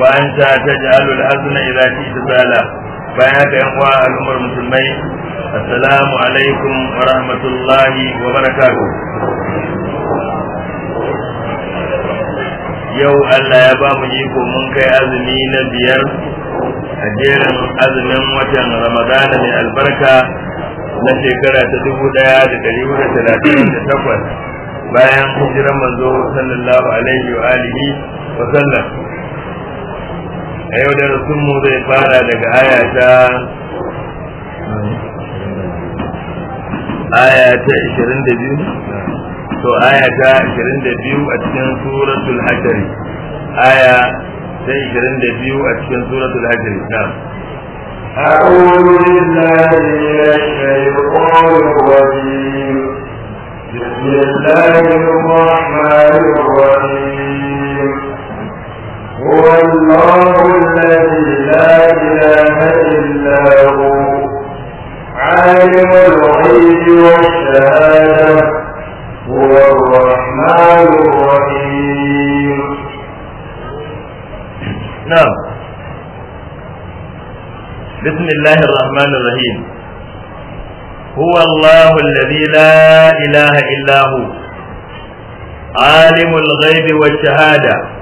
wa anta taj'alu al-hazna idza shi'ta sala bayan haka yan uwa al'ummar musulmai assalamu alaikum wa rahmatullahi wa barakatuh yau Allah ya ba mu iko mun kai azumi na biyar a jerin azumin watan ramadana mai albarka na shekara ta dubu daya da dari da talatin da takwas bayan hijiran manzo sallallahu alaihi wa alihi wa sallam a yau da mu zai fara daga aya ta aya ta 22 to aya ta 22 a cikin suratul hajjari aya ta 22 a cikin suratul hajjari na أعوذ بالله من الشيطان الرجيم بسم الله الرحمن الرحيم هو الله الذي لا إله إلا هو عالم الغيب والشهادة هو الرحمن الرحيم نعم بسم الله الرحمن الرحيم هو الله الذي لا إله إلا هو عالم الغيب والشهادة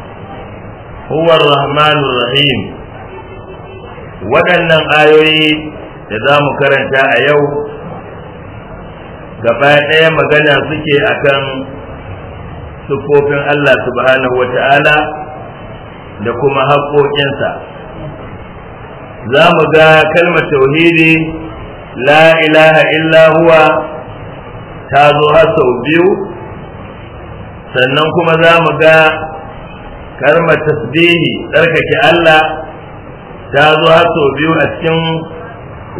huwa rahmanur rahim waɗannan ayoyi da za mu karanta a yau gaba ɗaya magana suke akan sufofin Allah subhanahu wa ta'ala da kuma haƙoƙinsa za mu ga kalmar tauhidi la ilaha illa huwa ta zo har sau biyu sannan kuma za mu ga kalmar tasbihi tsarkake Allah ta zo har sau biyu a cikin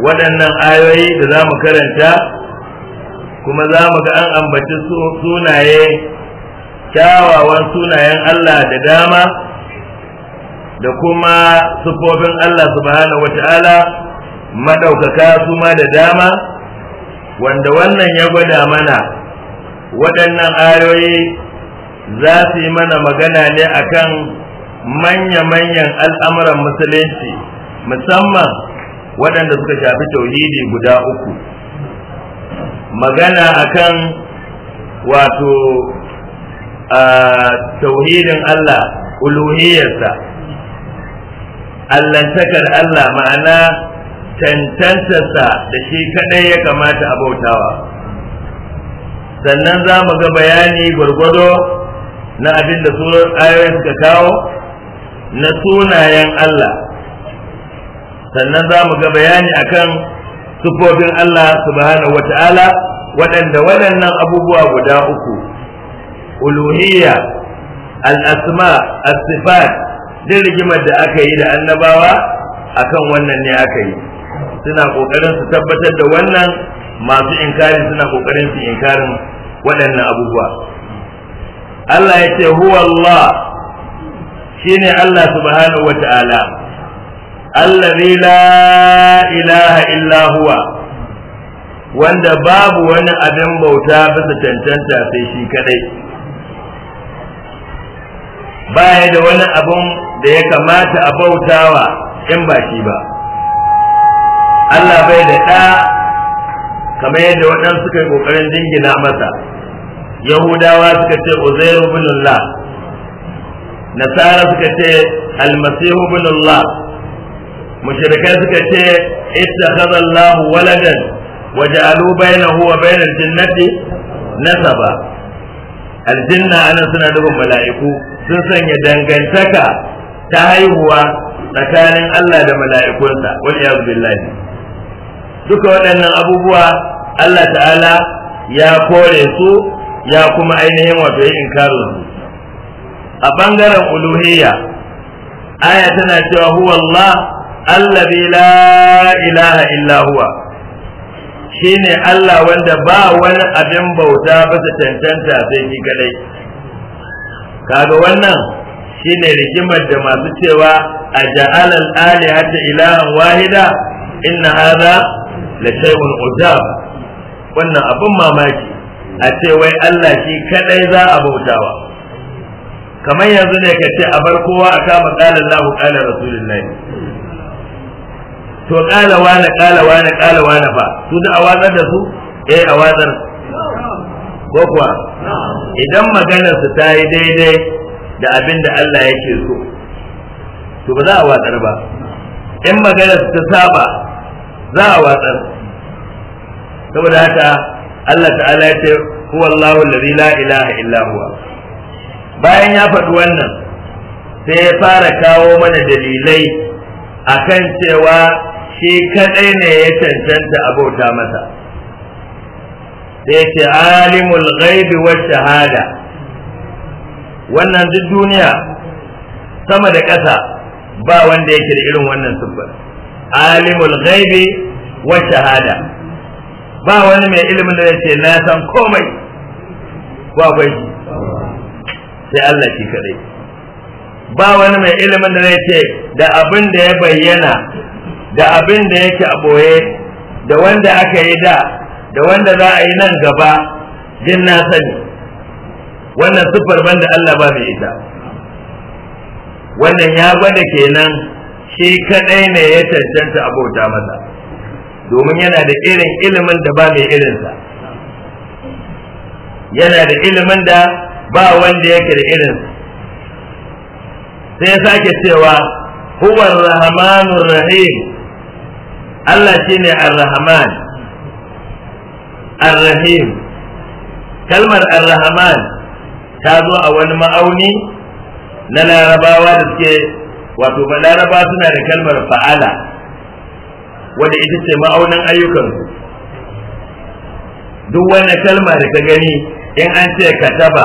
waɗannan ayoyi da za mu karanta kuma za mu ga an ambaci sunaye kyawawan sunayen Allah da dama da kuma sufofin Allah subhanahu ta’ala maɗaukaka su ma da dama wanda wannan ya gwada mana waɗannan ayoyi za su yi mana magana ne akan manya-manyan al'amuran musulunci musamman waɗanda suka shafi tauhidi guda uku magana akan wato a tauhidin Allah uluhiyarsa allantakar Allah ma'ana tantantarsa da shi kaɗai ya kamata a bautawa sannan za mu ga bayani gwargwado na abin da surar ayoyin suka kawo na sunayen Allah sannan za mu ga bayani akan sufofin Allah subhanahu wata'ala waɗanda waɗannan abubuwa guda uku uluhiyya al'asma asifat din rigimar da aka yi da annabawa akan wannan ne aka yi suna ƙoƙarin su tabbatar da wannan masu inkari suna ƙoƙarin su inkarin waɗannan abubuwa Allah ya ce huwa Allah ne Allah subhanahu wa ta'ala Allah la ilaha illa huwa wanda babu wani abin bauta bisa cancanta sai shi kadai ya da wani abin da ya kamata a bautawa in ba shi ba Allah bai da ɗa kamar yadda waɗansu suka ƙoƙarin jingina masa yahudawa suka ce uzairu bin Allah nasara suka ce almasihu bin Allah mushrikai suka ce ittakhadha Allah waladan waja'alu bainahu wa bainal jannati nasaba aljanna ana suna da mala'iku sun sanya dangantaka ta haihuwa tsakanin Allah da mala'ikunsa wal billahi duka waɗannan abubuwa Allah ta'ala ya kore su ya kuma ainihin wato yin inkarin a bangaren uluhiyya aya tana cewa huwa Allah allazi la ilaha illa huwa shine Allah wanda ba wani abin bauta ba ta cancanta sai ni kadai kaga wannan shine rigimar da masu cewa a ja'ala al-alihata ilahan wahida inna hadha la shay'un ujab wannan abin mamaki a ce wai Allah shi kadai za a bautawa kamar yanzu ne ka ce a bar kowa a kama kalan lahu kala rasulullahi to kala wane kala wane kala wane fa su da a watsar da su eh a watsar ko kuwa idan maganar su ta yi daidai da abin da Allah yake so to ba za a watsar ba in maganar su ta saba za a watsar saboda haka Allah ta'ala ya ce huwa Allahu la ilaha illa huwa bayan ya faɗi wannan sai ya fara kawo mana dalilai akan cewa shi kadai ne ya cancanta abota masa sai ya ce alimul ghaibi wa shahada wannan duk duniya sama da ƙasa ba wanda yake da irin wannan siffar alimul ghaibi wa shahada ba wani mai ilimin da ce na san komai ba shi sai Allah shi kadai ba wani mai ilimin da ce da abin da ya bayyana da abin da yake a boye da wanda aka yi da da wanda za a yi nan gaba jin na sani wannan siffar banda Allah ba mai ita wannan ya gwada kenan shi kadai ne ya cancanta abota masa domin yana da irin ilimin da ba mai irinsa yana da ilimin da ba wanda yake da irinsa sai ya sake cewa huwa rahmanur rahim Allah shine ar-rahman ar-rahim kalmar ar-rahman ta zo a wani ma'auni na larabawa da suke wato ba larabawa suna da kalmar fa'ala wanda ita ce ma'aunin ayyukan duk wani kalma da ka gani in an ce kataba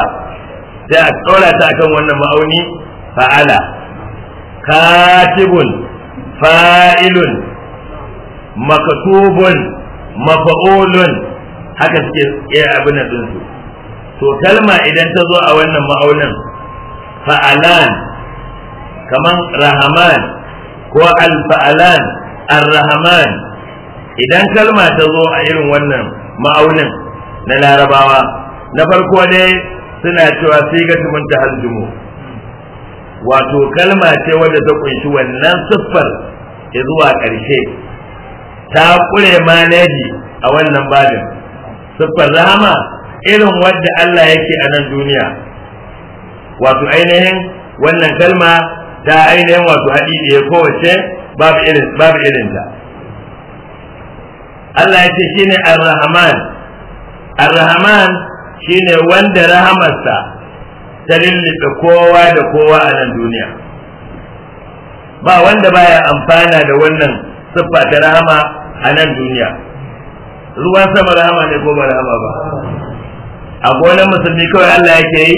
sai a tsora ta akan wannan ma'auni fa'ala katibun fa'ilun makatubun mafa'ulun haka suke iya abin da to kalma idan ta zo a wannan ma'aunin fa'alan kaman rahaman ko alfa'alan ar-rahman idan kalma ta zo a irin wannan ma'aunin na larabawa na farko ne suna cewa sai ga tumun ta haljumu wato kalma ce wadda ta kunshi wannan siffar ya zuwa ƙarshe ta kure nadi a wannan babin siffar rahama irin wadda Allah yake a nan duniya wato ainihin wannan kalma ta ainihin wato haɗi da kowace babu irin babu irin ta Allah ya ce shine Ar-Rahman Ar-Rahman shine wanda rahamarsa ta lullube kowa da kowa a nan duniya ba wanda baya amfana da wannan siffa ta rahama a nan duniya ruwan sama rahama ne ko ba rahama ba a gonan musulmi kawai Allah yake yi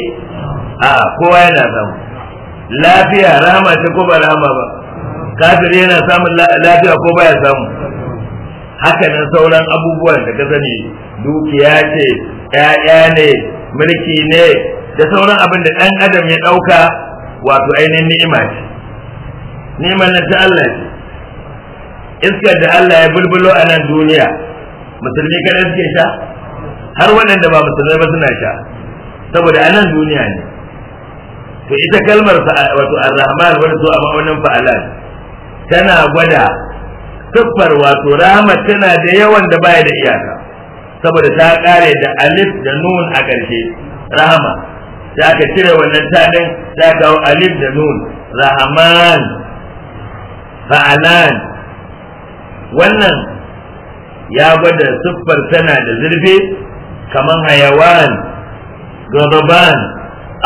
a kowa yana samu lafiya rahama ce ko ba rahama ba kafir yana samun lafiya ko baya samu nan sauran abubuwan da ka sani dukiya ce ƴaƴa ne mulki ne da sauran abin da ɗan adam ya ɗauka wato ainihin ni'ima ce ni'imar nan ta Allah ce iskar da Allah ya bulbulo a nan duniya musulmi kaɗan suke sha har waɗanda ba musulmai ba suna sha saboda a nan duniya ne to ita kalmar wato ar-rahman wani zuwa a ma'aunin fa'alan tana gwada siffar wato rahama tana da yawan da baya da iyaka saboda ta kare da alif da nun a ƙarshe rahama sai aka cire wannan taɗin ta kawo alif da nun rahaman fa'alan wannan ya gwada siffar tana da zurfi kamar hayawan gababan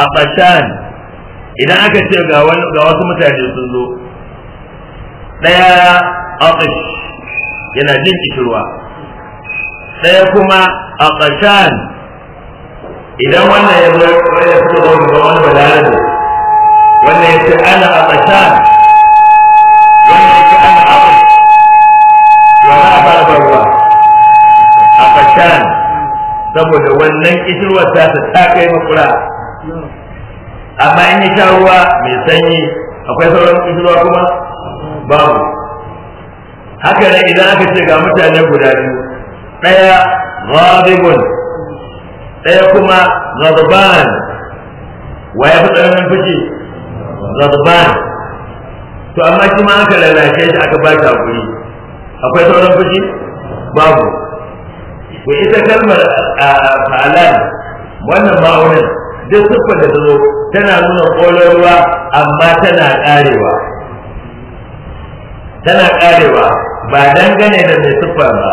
a idan aka ce ga wasu mutane sun zo daya aqsh yana jin kishirwa daya kuma aqshan idan wannan ya zo ya fito da wani balarabe wannan ya ce ana aqshan wannan ya ce ana aqsh yana a fara ruwa. aqshan saboda wannan kishirwar ta ta kai makura amma in ya sha ruwa mai sanyi akwai sauran kishirwa kuma babu haka ne idan aka ce ga mutane guda biyu ɗaya ghadibun ɗaya kuma ghadban wa ya fi tsananin fushi ghadban to amma shi ma aka lalace shi aka ba shi hakuri akwai sauran fushi babu ko ita kalmar fa'alan wannan ma'aunin duk siffar da ta zo tana nuna ƙolon ruwa amma tana ƙarewa tana karewa ba dangane da mai siffar ba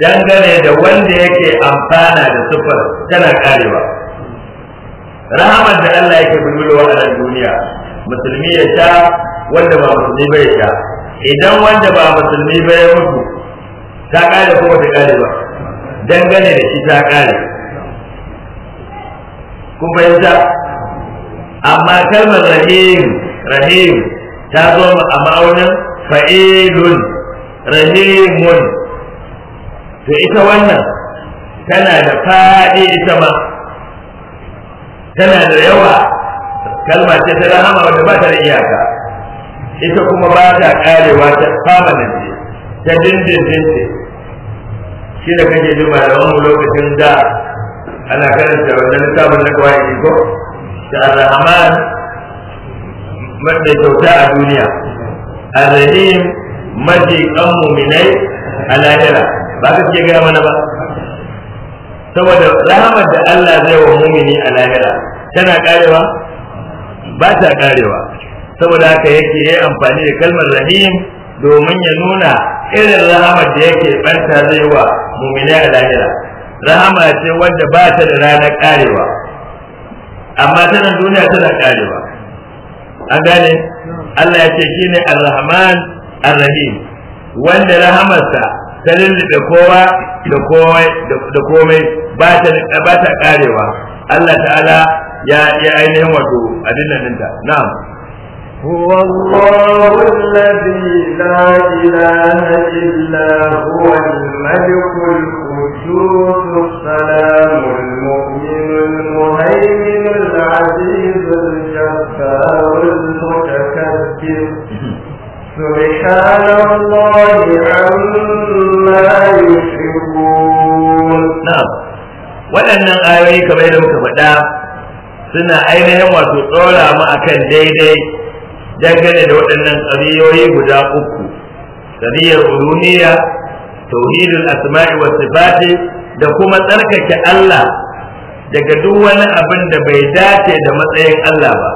dangane da wanda yake amfana da siffar tana karewa rahamar da Allah yake bulbulowa a nan duniya musulmi ya sha wanda ba musulmi ba ya sha idan wanda ba musulmi ba ya mutu ta kare ko ta kare ba dangane da shi ta kare kun fahimta amma kalmar rahim rahim ta zo a ma'aunin fa'ilun rahimun to ita wannan tana da faɗi ita ma tana da yawa kalma ce ta rahama wanda ba ta da iyaka ita kuma ba ta karewa ta da ce ta dindindin ce shi da kake ji wani lokacin da ana karanta wannan littafin na kawai ko da rahama mai kyauta a duniya الرحيم مجي maji kan mu'minai a lahira ba ka ce gaya mana ba saboda rahamar da Allah zai wa mumini a lahira tana karewa ba ta karewa saboda haka yake yi amfani da kalmar rahim domin ya nuna irin rahama da yake banta zai wa mumini a lahira rahama ce wadda ba ta da ranar karewa amma tana duniya tana karewa an gane Allah ya ce shine Ar-Rahman Ar-Rahim wanda rahamarsa ta lullube kowa da komai da komai ba ta ba ta karewa Allah ta'ala ya ya ainihin wato abin nan na'am هو الله الذي لا إله إلا هو الملك القدوس السلام المؤمن المهيمن العزيز الجبار المتكبر سبحان الله عما يشركون نعم waɗannan ayoyi kamar yadda muka faɗa suna ainihin wato tsora mu akan daidai dangane da waɗannan tsariyoyi guda uku tsariyar duniya, tauhidul asma'i wa sifati da kuma tsarkake Allah daga duk wani abin da bai dace da matsayin Allah ba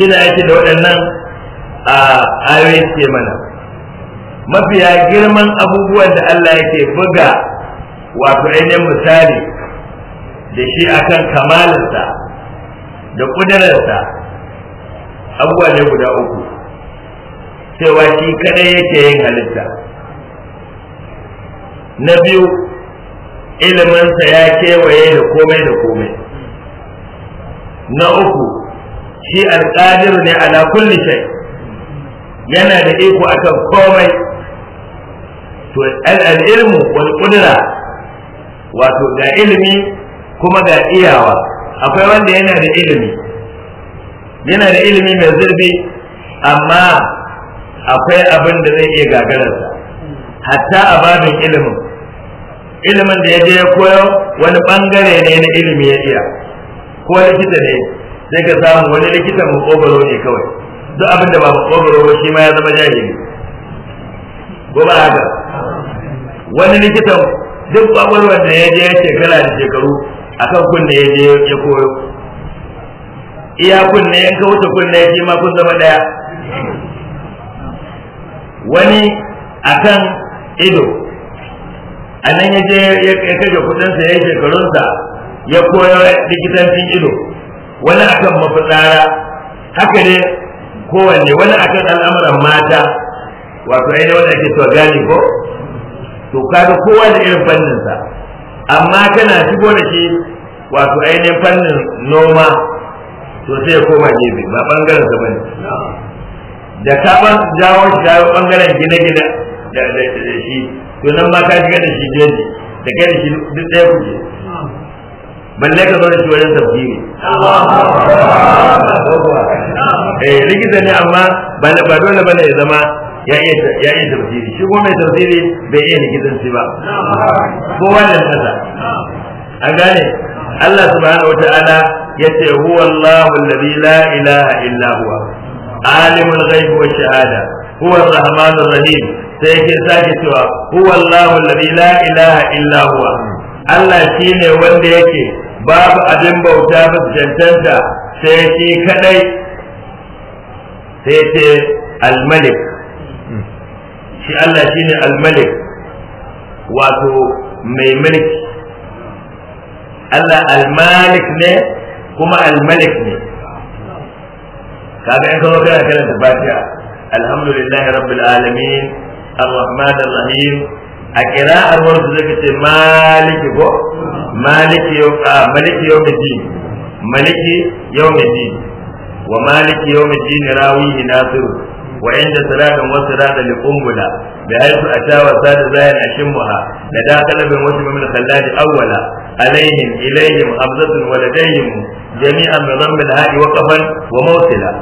shi da yake da waɗannan a ayoyi ke mana mafiya girman abubuwan da Allah yake buga wato ainihin misali da shi akan kamalinsa da ƙudurarsa abubuwa ne guda uku cewa shi kadai yake yin halitta na biyu ilimansa ya kewaye da komai da komai na uku shi alƙadir ne ala kulli shay yana da iko akan komai to al-ilmu wal qudra wato ga ilimi kuma ga iyawa akwai wanda yana da ilimi yana da ilimi mai zurfi amma akwai abin da zai iya gagararsa hatta a babin ilimin ilimin da ya je ya koyo wani bangare ne na ilimi ya iya ko likita ne sai ka samu wani likita kogoro ne kawai duk abin da ba kogoro ba shi ma ya zama jahili ko ba haka wani likitan duk kwakwalwar da ya je ya shekara da shekaru akan kunne ya je ya koyo iya kunne in ka wuce kunne shi ma kun zama daya wani akan ido a nan ya je ya kaje kudinsa ya yi shekarunsa ya koya likitancin ido wani akan mafitsara haka ne kowanne wani akan al'amuran mata wato yi wanda ake cewa gani ko to kaga kowa da irin fanninsa amma kana shigo da shi wato ainihin fannin noma to sai ya koma gefe ba bangaren sa bane da ka ban jawo shi da bangaren gine-gine da da shi to nan ma ka shiga da shi da kai da shi duk ɗaya je, balle ka zo shi wajen tafsiri eh rigida ne amma ba dole bane ya zama ya iya tafsiri shi kuma mai tafsiri bai iya rigidanci ba ko wannan kasa an gane Allah subhanahu wa ta'ala yace huwa Allahu alladhi la ilaha illa huwa alimul ghaibi wa shahada huwa ar-rahmanur rahim sai yake sake cewa huwa Allahu alladhi la ilaha illa huwa Allah shine wanda yake babu abin bauta ba jantanta sai shi kadai sai ce al-malik shi Allah shine al-malik wato mai mulki Allah al-malik ne kuma al-malik ne kaga in ka zo kana karanta fatiha alhamdulillahi rabbil alamin ar-rahman ar-rahim a kira'ar wanda zai ce maliki ko maliki yau ka maliki yau mai jini maliki yau mai jini wa maliki yau mai jini rawihi nasiru وعند صلاة وصلاة لقنبلة بحيث أتى وساد زاهر أشمها لدى قلب وشم من الخلاد أولا عليهم إليهم حمزة ولديهم جميعا بضم الهاء وقفا وموصلا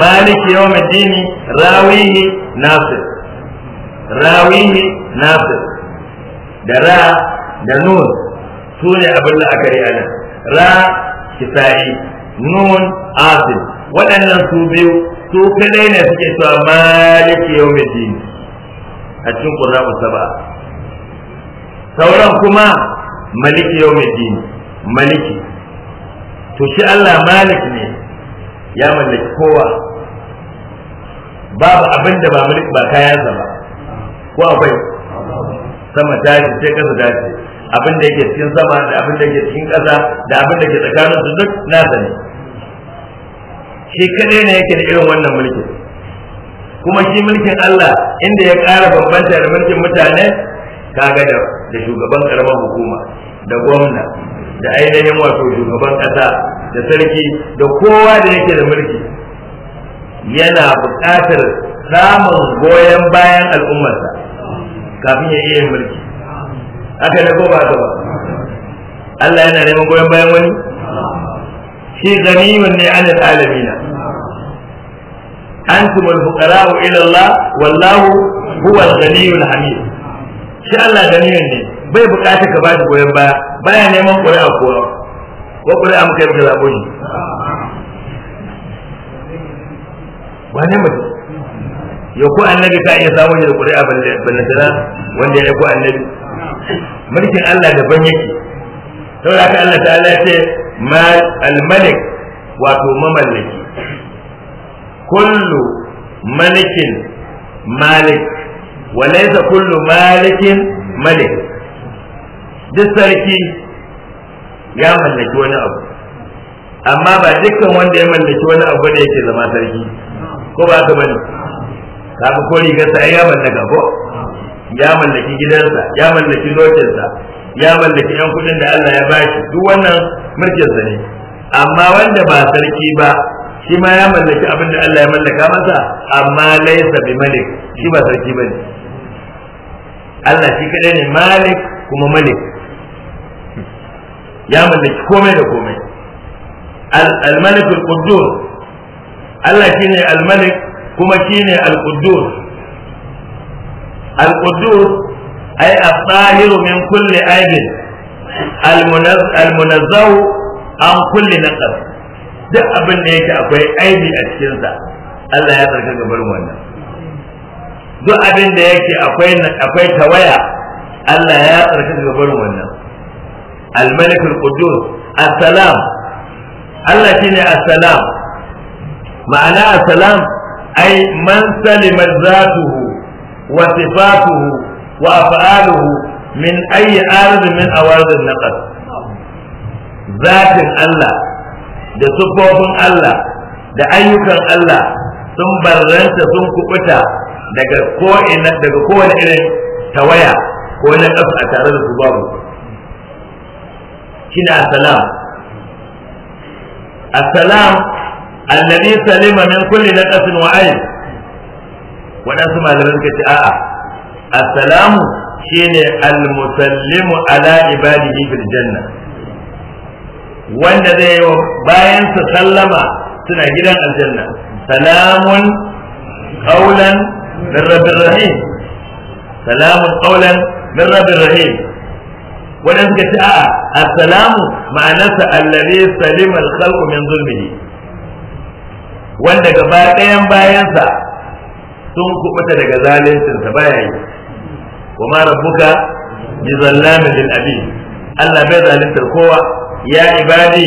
مالك يوم الدين راويه ناصر راويه ناصر درا دنون سوني أبو الله أكري أنا را كفائي نون عاصم waɗannan su biyu su kadai ne suke cewa maliki yau mai a cikin ƙura'u saba sauran kuma maliki yau mai maliki to shi Allah malik ne ya mallaki kowa babu abin da ba malik ba kayansa ba ko akwai sama ta ce sai kasa ta ce abin da yake cikin sama da abin da yake cikin kasa da abin da ke tsakanin su duk nasa ne shi kadai ne yake da irin wannan mulki kuma shi mulkin Allah inda ya ƙara bambanta da mulkin mutane kaga da da shugaban karamar hukuma da gwamna da ainihin wato shugaban ƙasa da sarki da kowa da yake da mulki yana buƙatar samun goyon bayan al'ummarsa kafin ya iya mulki haka ne ko ba ta ba Allah yana neman goyon bayan wani shi ganimin ne an alamina An kuma fuqarau ila Allah wallahu huwa al-ghaniyyul hamid shi Allah ganimin ne bai bukata ka ba shi goyon baya baya neman ƙuri'a kowa ko ƙuri'a muka yi muka zaɓo shi wane mutum ya ko annabi ka iya samu da ƙuri'a ballantana wanda ya ko annabi mulkin Allah daban yake saboda haka Allah ta ya ce Almalik malik wato mamallaki kullu malikin malik walaysa kullu malikin malik duk sarki ya mallaki wani abu amma ba dukkan wanda ya mallaki wani abu da yake zama sarki ko ba ka bane kaga ko rigarsa ai ya mallaka ko ya mallaki gidansa ya mallaki lokinsa ya mallaki yan kuɗin da Allah ya bashi duk wannan mulkin sa ne amma wanda ba sarki ba shi ma ya mallaki abin da Allah ya mallaka masa amma laysa bi malik shi ba sarki ba ne, Allah shi kadai ne malik kuma malik ya mallaki komai da komai al-malik al-quddus Allah shine al-malik kuma shine al-quddus al-quddus ay at-tahir min kulli aibin almunazzahu an kulli naqas duk abin da yake akwai aibi a cikinsa Allah ya tsarka ga barin wannan duk abin da yake akwai akwai tawaya Allah ya tsarka ga barin wannan al almalikul qudus assalam Allah shine assalam ma'ana assalam ai man salima zatuhu wa sifatuhu wa af'aluhu min ayi arzin min awarzin naqas zatin Allah da sufofin Allah da ayyukan Allah sun barranta sun kubuta daga ko'ina daga kowane irin tawaya ko na ƙasa a tare da su babu kina salam assalam alladhi salima min kulli na ƙasin ayb Waɗansu malaman kace a'a assalamu shine al-musallimu ala ibadihi bil janna wanda zai yi bayan su sallama suna gidan aljanna salamun qawlan min rabbir rahim salamun qawlan min rabbir rahim wanda suka ci a'a assalamu ma'anarsa allazi salima al-khalqu min zulmihi wanda gaba ɗayan bayansa sun kubuta daga zaluncinsa baya yi wa ma rabbuka bi zallamin lil Allah bai zaluntar kowa ya ibadi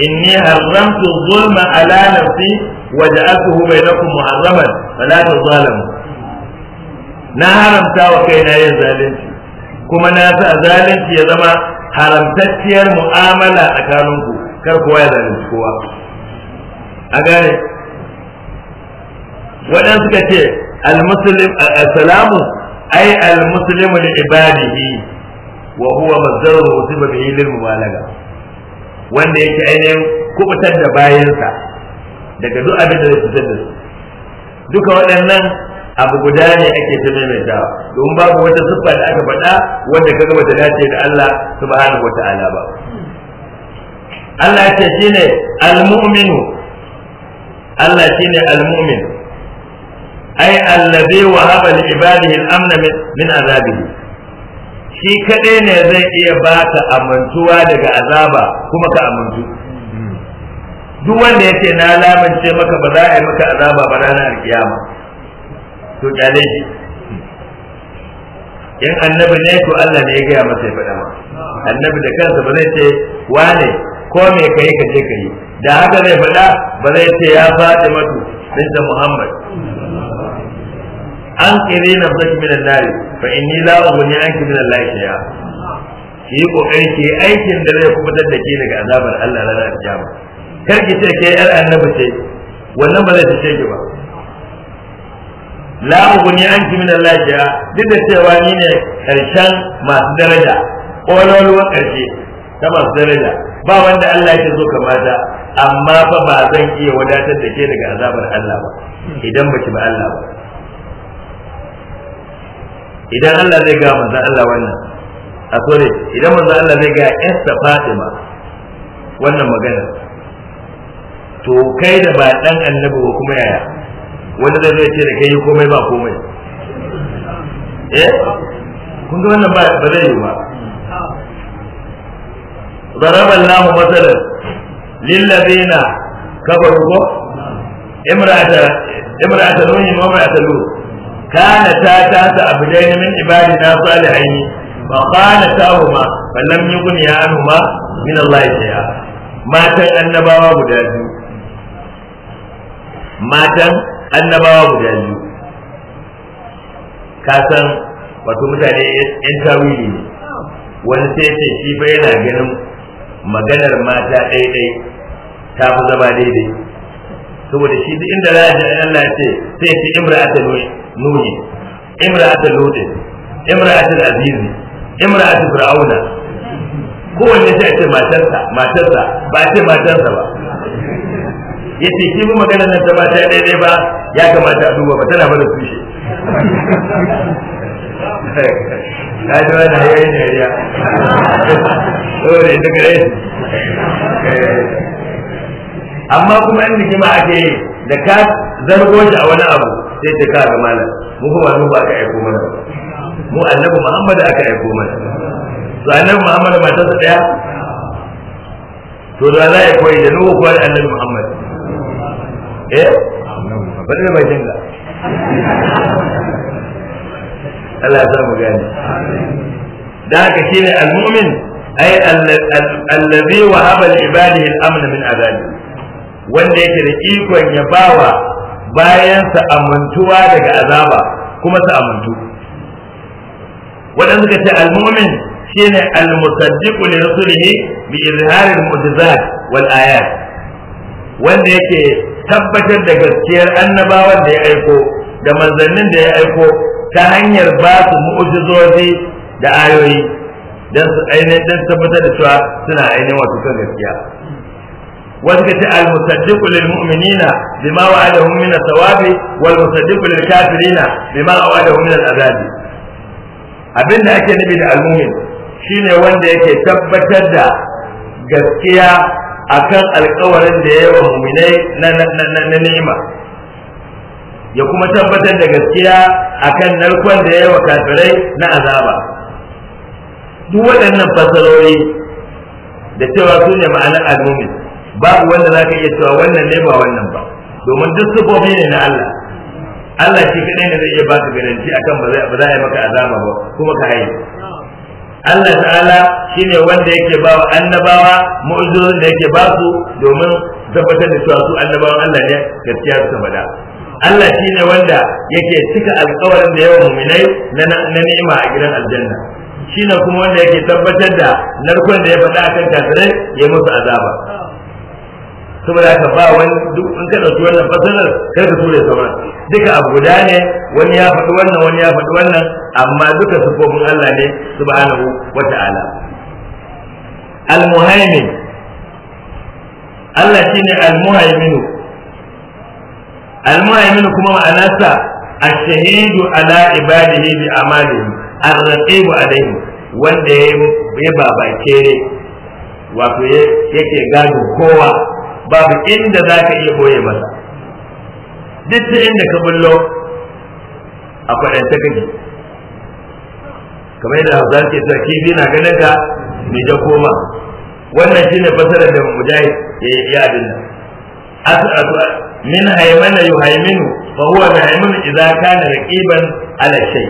inni haramtu zulma ala nafsi wa ja'altuhu bainakum muharraman fala tazalamu na haramta wa kaina yin zalunci kuma na sa zalunci ya zama haramtacciyar mu'amala tsakaninku kar kowa ya a gane waɗansu ce al al-salamu ai al-muslimu li ibadihi wa huwa mazdaru musiba bihi lil mubalaga wanda yake ainihin kubutar da bayansa daga duk abin da zai fitar da su duka waɗannan abu guda ne ake ta maimaitawa domin babu wata siffa da aka faɗa wanda kaga bata dace da Allah subhanahu wata'ala ba Allah ya ce shine al-mu'minu Allah shine al-mu'min ai allazi wa haba li ibadihi al-amna min azabihi shi kadai ne zai iya ka amintuwa daga azaba kuma ka amintu duk wanda yake na lamance maka ba za a yi maka azaba ba ranar alkiyama to kyale shi in annabi ne to Allah ne ya gaya masa ya faɗa annabi da kansa ba zai ce wane ko me kai ka je kai da haka zai faɗa ba zai ce ya faɗi matu da Muhammad an kere na zaki min Allah fa inni la ughni an min Allah ya ki yi kokari ki aikin da zai kubutar da ke daga azabar Allah ranar alkiyama kar ki ce ke yar annabi ce wannan ba zai ce ki ba la ughni an min Allah ya duk da cewa ni ne karshen masu daraja ƙololuwar ƙarshe ta masu daraja ba wanda Allah ke so kamata amma fa ba zan iya wadatar da ke daga azabar Allah ba idan baki ba Allah ba idan Allah zai ga manzan Allah wannan a sore idan manzan Allah zai ga yasta Fatima wannan magana to kai da ba dan annabi ba kuma yaya wanda zai zai ce da kai komai ba komai eh kun ga wannan ba ba zai yi ba ضرب الله مثلا للذين كفروا امرأة امرأة نوح وامرأة لوط kana ta ta ta abdaini min ibadina salihaini fa kana ta huma fa lam yughni anhuma min Allah shay'a matan annabawa guda biyu matan annabawa guda biyu ka san wato mutane yan tawili ne wani sai ce shi ba yana ganin maganar mata ɗaiɗai ta fi zama daidai saboda shi duk inda za a ji Allah ce sai fi imra'atan nuni imra'atul lutin imra'atul azizi imra'atul fir'auna kowanne sai ce matarsa matarsa ba ce matarsa ba yace ki bi magana nan ta mata daidai ba ya kamata a duba ba tana mana tushe ka ji wani hayayi ne ya saboda ita gare amma kuma an rigima ake yi da ka zargo shi a wani abu sai ta kaga malam mu kuma mu ba ka aiko mana mu annabi Muhammad aka aiko mana to annabi Muhammad mata ta daya to da za ya koyi da nuhu koyi annabi Muhammad eh bari mai jinga Allah ya mu gani da haka shine al-mu'min ay allazi wa li ibadihi al-amn min azabi wanda yake da ikon ya bawa sa amintuwa daga azaba kuma sa amintu waɗanda suka ce al-mu'min shine al-musaddiqu li rasulihi bi izhari mujizat wal ayat wanda yake tabbatar da gaskiyar annabawan da ya aiko da manzannin da ya aiko ta hanyar ba su mu'jizozi da ayoyi dan su ainihin tabbatar da cewa suna ainihin wato gaskiya وذكر المصدق للمؤمنين بما وعدهم من الثواب والمصدق للكافرين بما وعدهم من العذاب abin da ake nufi da shi ne wanda yake tabbatar da gaskiya a kan alkawarin da ya yi wa muminai na ni'ima ya kuma tabbatar da gaskiya a kan narkon da ya yi wa kafirai na azaba duk waɗannan fasaloli da cewa su ne ma'anar almumin babu wanda za ka iya cewa wannan ne ba wannan ba domin duk sufofi ne na Allah Allah shi kadai ne zai iya baka garanti akan ba zai ba za a yi maka azaba ba kuma ka haye Allah ta'ala shi ne wanda yake ba wa annabawa mu'jizun da yake ba su domin tabbatar da cewa su annabawan Allah ne gaskiya su faɗa Allah ne wanda yake cika alƙawarin da yawan mu'minai na ni'ima a gidan aljanna Shi ne kuma wanda yake tabbatar da narkon da ya faɗa kan kafirai ya musu azaba saboda haka ba wani duk an kada su wannan fasalar kar ka tura sauran duka abu guda ne wani ya faɗi wannan wani ya faɗi wannan amma duka kofin Allah ne subhanahu wa ta'ala al-muhaimin Allah shine al-muhaimin al-muhaimin kuma ma'anarsa ibadihi bi amalihi ar الرقيب alayhi wanda ya yi babakere wato yake gado kowa babu inda za ka iya koye masa duk da inda ka bullo a ta gaji kamar yadda za ke sa kifi na ganin ka mai ja koma wannan ne fasarar da mujahid ya yi abin nan min haimana haiminu fa huwa muhaiminu ka kana da ƙiban alashai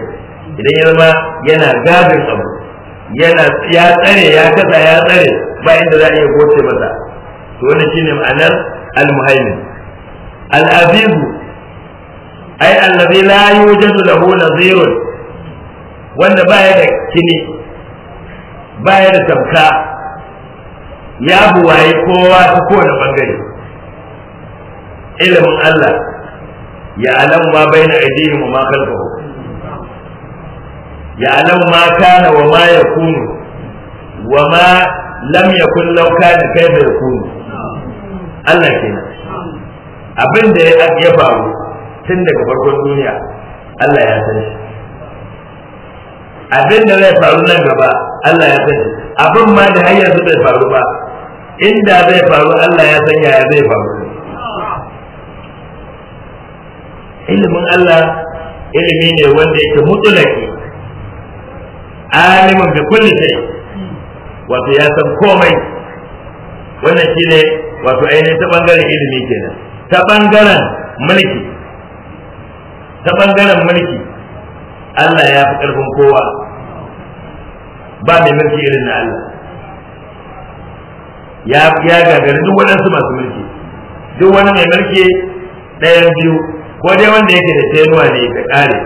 idan ya zama yana gabin abu yana ya tsare ya kasa ya tsare ba inda za a iya goce masa to shi ne ma'anar al-muhaimin al-aziz ai allazi la yujadu lahu Nazirun. wanda baya da kini baya da tamka ya buwaye kowa ta kowane bangare ilimin Allah ya alamu ma na aidihim wa ma khalfahum ya alamu ma kana wa ma yakunu wa ma lam yakun law kana kayfa yakunu Allah nan abin da ya faru tun daga farkon duniya Allah ya san shi abin da zai faru nan gaba Allah ya san shi abin ma da har yanzu bai faru ba inda zai faru Allah ya san yaya zai faru ilimin Allah ilimi ne wanda yake mutulaki alimin da kulle sai wato ya san komai wannan ne wato ainihin ta bangaren ilimi kenan ta bangaren mulki ta bangaren mulki Allah ya fi karfin kowa ba mai mulki irin na Allah ya ya gagari duk waɗansu masu mulki duk wani mai mulki ɗayan biyu ko dai wanda yake da tenuwa ne ta ƙare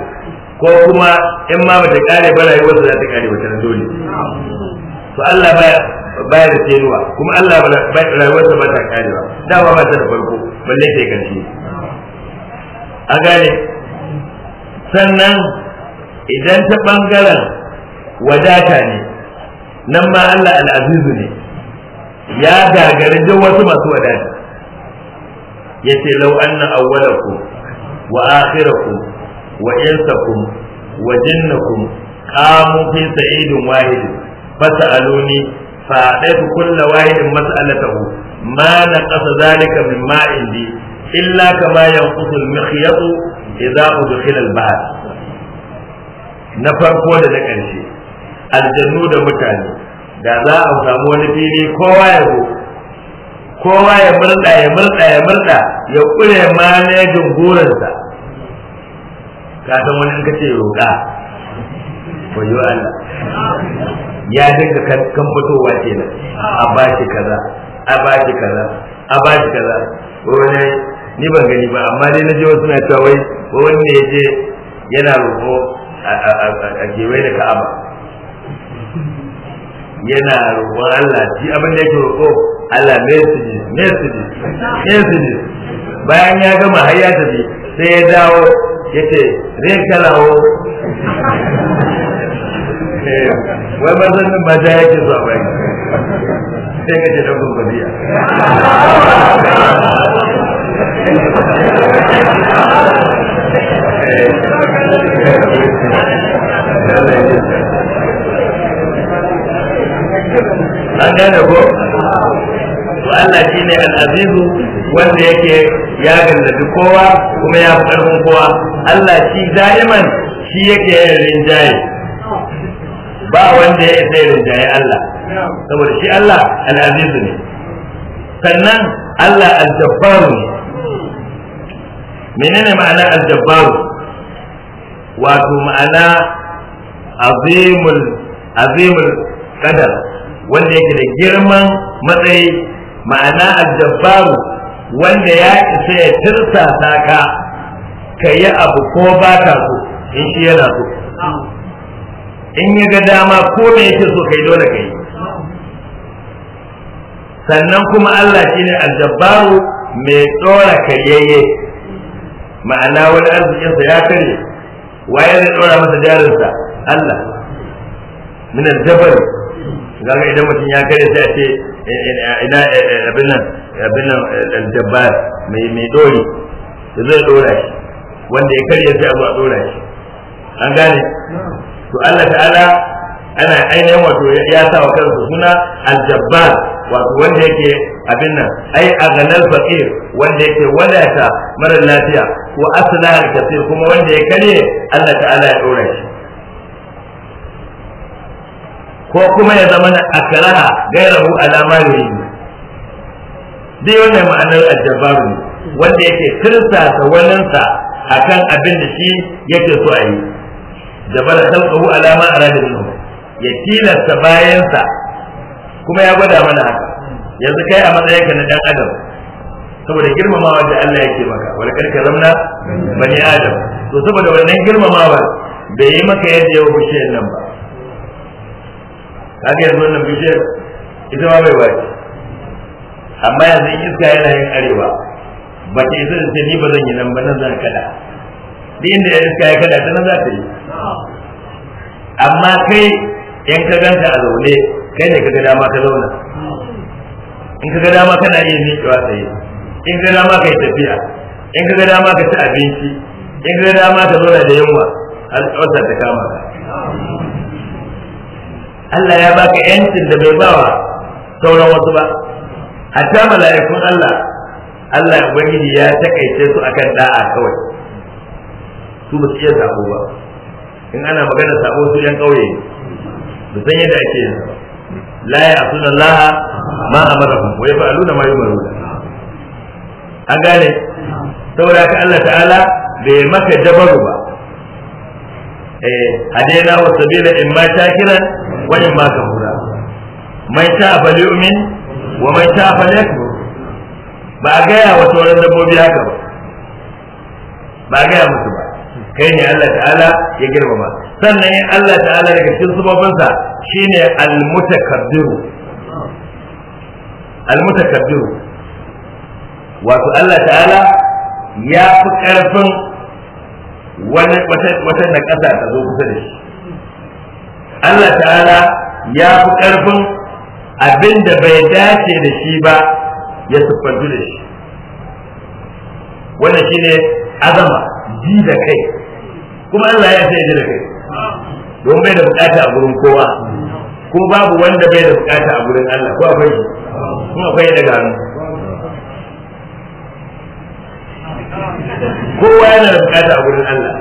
ko kuma in ma ba ta ƙare ba rayuwarsa za ta ƙare wata dole to Allah baya baya da kenuwa kuma Allah rayuwarsa ba ta karewa dama ba ta da farko balle ke kanci a gane sannan idan ta bangaren wadata ne nan ma Allah al'azizu ne ya gagari duk wasu masu wadata yace law anna awwalakum wa akhirakum wa insakum wa jinnakum qamu fi sa'idin wahidin fasaluni فأعطيت كل واحد مسألته ما نقص ذلك مما عندي إلا كما ينقص المخيط إذا أدخل البحر نفر قول لك أنشي الجنود farko da za a samu wani fili kowa ya zo kowa ya murda ya murda ya murda ya kure ne gurinsa ka san wani in ka ce roƙa wayo Allah ya dinga kan fitowa kenan a ba shi kaza a ba shi kaza a ba shi kaza wani ni ban gani ba amma dai na je wasu na cewa wai wanne ya je yana roƙo a kewaye da ka'aba yana roƙon Allah shi abin da yake roƙo Allah messages messages messages bayan ya gama har ya tafi sai ya dawo ya ce zai wai ba zan ba ja yake zuwa bai sai ka je da gurgurdiya an gane ko To Allah shi ne azizu wanda yake ya gallabi kowa kuma ya fi ƙarfin kowa Allah shi da'iman shi yake yin rinjaye ba wanda ya isa ya rinjaye Allah saboda shi Allah al-aziz ne sannan Allah al jabbaru ne menene ma'ana al jabbaru wato ma'ana azimul azimul qadar wanda yake da girman matsayi ma'ana al jabbaru wanda ya isa ya tirsa ka ka yi abu ko ba ka so in shi yana so in ya ga dama ko me yake so kai dole kai sannan kuma Allah shine aljabbaru mai dora karyayye ma'ana wani arzikinsa ya kare waye zai dora masa jarinsa Allah min aljabari kaga idan mutum ya kare sai a ce eh, eh, eh, ina abin nan abin nan aljabbar mai mai dori zai dora shi wanda ya kare sai a zo a dora shi an gane to Allah ta'ala ana ainihin wato ya sa wa kansa suna aljabbar wato wanda yake abin nan ai aganal faqir wanda yake wadata mara lafiya wa aslaha kafir kuma wanda ya kare Allah ta'ala ya dora shi ko kuma ya zama na akraha gairahu alama ne dai wannan ma'anar aljabbar wanda yake tirsasa waninsa akan abin da shi yake so a yi jabala khalqahu alama ma arada minhu ya tilasta bayansa kuma ya gwada mana haka yanzu kai a matsayinka na dan adam saboda girmamawa da Allah yake maka wal karka zamna bani adam to saboda wannan girmamawa bai yi maka yadda yawa bishiyar nan ba kaga yanzu wannan bishiyar ita ma bai wace amma yanzu iska yana yin arewa ba ta isa da ni ba zan yi nan ba nan zan kada duk inda ya kai ya kada tana za ta yi amma kai in ka ganta a zaune kai ne ka ga dama ka zauna in ka ga dama kana iya miƙewa tsaye in ka ga dama ka yi tafiya in ka ga dama ka ci abinci in ka ga dama ka zauna da yunwa har tsawata ta kama ka Allah ya baka yancin da bai bawa sauran wasu ba hatta mala'ikun Allah Allah ya ubangiji ya takaice su akan da'a kawai su ba su iya sako ba in ana magana sako su yan kauye da san yadda ake yin la ya asuna Allah ma amarahum wa yaf'aluna ma yumaru an gane saboda haka Allah ta'ala bai maka dabaru ba eh hadaina wa sabila in ma shakiran wa in ma kafura mai ta falyumin wa mai ta falyakfur ba a gaya wa ran dabbobi haka ba ba a gaya musu ba kai ne Allah ta'ala ya girmama sannan yin Allah ta'ala daga cikin sufofinsa shine al-mutakabbiru al-mutakabbiru wato Allah ta'ala ya fi karfin wata wata na ƙasa ta zo kusa da shi Allah ta'ala ya fi ƙarfin abin da bai dace da shi ba ya siffantu da shi wannan shine azama ji da kai kuma Allah ya sai da kai don bai da bukata a gurin kowa kuma babu wanda bai da bukata a gurin Allah ko akwai kuma akwai da gano kowa yana da bukata a gurin Allah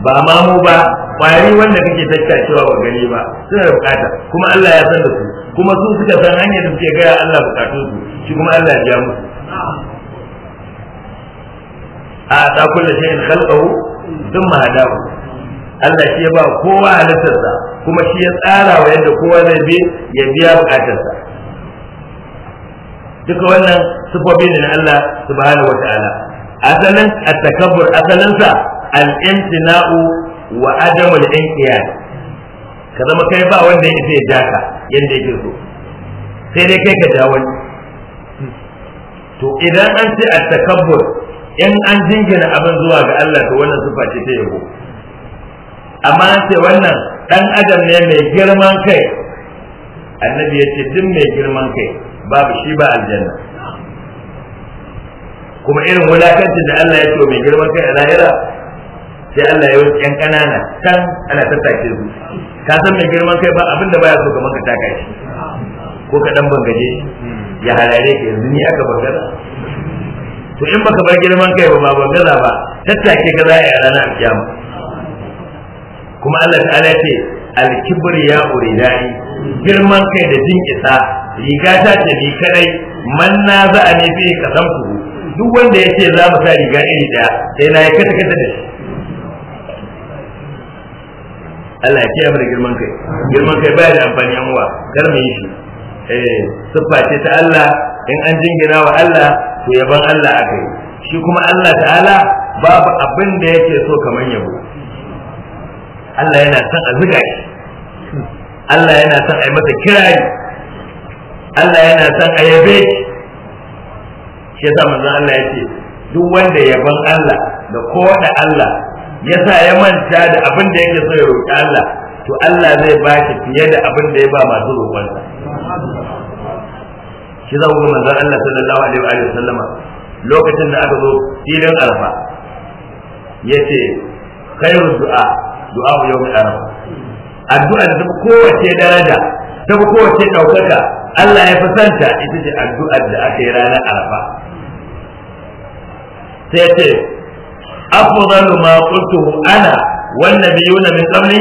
ba ma mu ba kwari wanda kake tattacewa wa gani ba suna da bukata kuma Allah ya san da su kuma su suka san hanyar da suke gaya Allah bukatun su shi kuma Allah ya ji musu a ta kullu shay'in khalqahu sun mahadawa Allah shi ya ba kowa halittarsa kuma shi ya tsara wa yadda kowa zai bi ya biya bukatarsa duka wannan sufofi ne na Allah subhanahu wa ta'ala asalin at-takabbur asalinsa al-imtina'u wa adamu al-inqiyad ka zama kai ba wanda ya ce ya jaka yanda yake so sai dai kai ka ja wani to idan an ce at-takabbur in an jingina abin zuwa ga Allah to wannan sufa ce ta yabo amma an ce wannan dan adam ne mai girman kai annabi ya ce duk mai girman kai babu shi ba aljanna kuma irin wulakancin da Allah ya ce mai girman kai a lahira sai Allah ya yi yan kanana can ana tattake su ka san mai girman kai ba abinda baya so kamar ka taka shi ko ka dan bangaje ya halare ka yanzu ni aka bangara to in baka bar girman kai ba ba gaza ba tattake ka za a yi ranar alkiyama kuma Allah ta'ala ce ya uridai girman kai da jin isa riga ta ce ni kadai man na za a nufi ka san ku duk wanda ya ce za mu sa riga iri da sai na yi kata kata da shi Allah ya ce da girman kai girman kai baya da amfani an uwa kar mu yi shi eh sifa ce ta Allah in an jingina wa Allah to yaban Allah aka yi shi kuma Allah ta'ala babu abin da yake so kamar yabo Allah yana son a zuga shi Allah yana son a yi masa kirari Allah yana son a yabe shi shi yasa manzon Allah ya ce duk wanda yaban Allah da kowane Allah ya sa ya manta da abin da yake so ya roƙi Allah to Allah zai ba shi fiye da abin da ya ba masu roƙonsa shi za ku ga manzon Allah sallallahu alaihi wa sallama lokacin da aka zo filin arfa yace khairu du'a du'a yawm arfa addu'a da tafi kowace daraja tafi kowace ɗaukaka, Allah ya fasanta ita ce addu'ar da aka yi ranar arfa sai ce afdalu ma qultuhu ana wan nabiyuna min qabli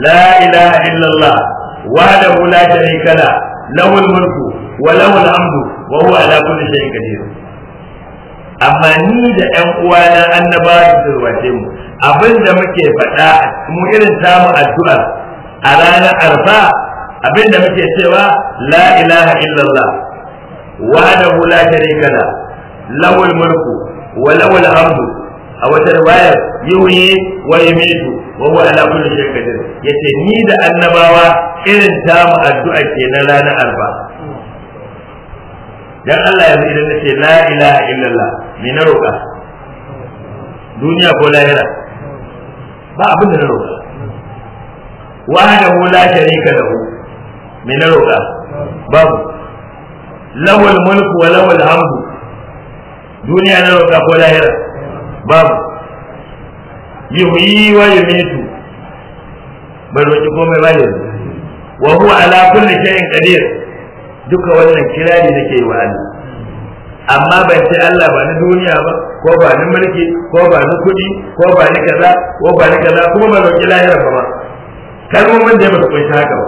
la ilaha illa Allah wahdahu la sharika la lahu al-mulku walahu alhamdu wa huwa ala kulli shay'in amma ni da ƴan uwana annabawa da surwace mu abin da muke faɗa mu irin tamu addu'a a ranar arfa abin da muke cewa la ilaha illallah wahdahu la sharika la lahul mulku wa lahul hamdu a wata riwayar yuhyi wa yumitu wa huwa ala kulli shay'in qadir yace ni da annabawa irin tamu addu'a ke na ranar arfa dan Allah ya idan ka ce la ilaha illallah me na roƙa duniya ko lahira ba abin da na roƙa wahdahu la sharika lahu me na roƙa babu lawal mulku wa lawal hamdu duniya na roƙa ko lahira babu yuhyi wa yumitu bai roƙi komai ba ne wa huwa ala kulli shay'in qadir duka wannan kirari nake yi wa Allah amma ban ce Allah ba na duniya ba ko ba na mulki ko ba na kuɗi ko ba ni kaza ko ba ni kaza kuma ba roƙi lahira ba ma kalmomin da ya bata kunshi haka ba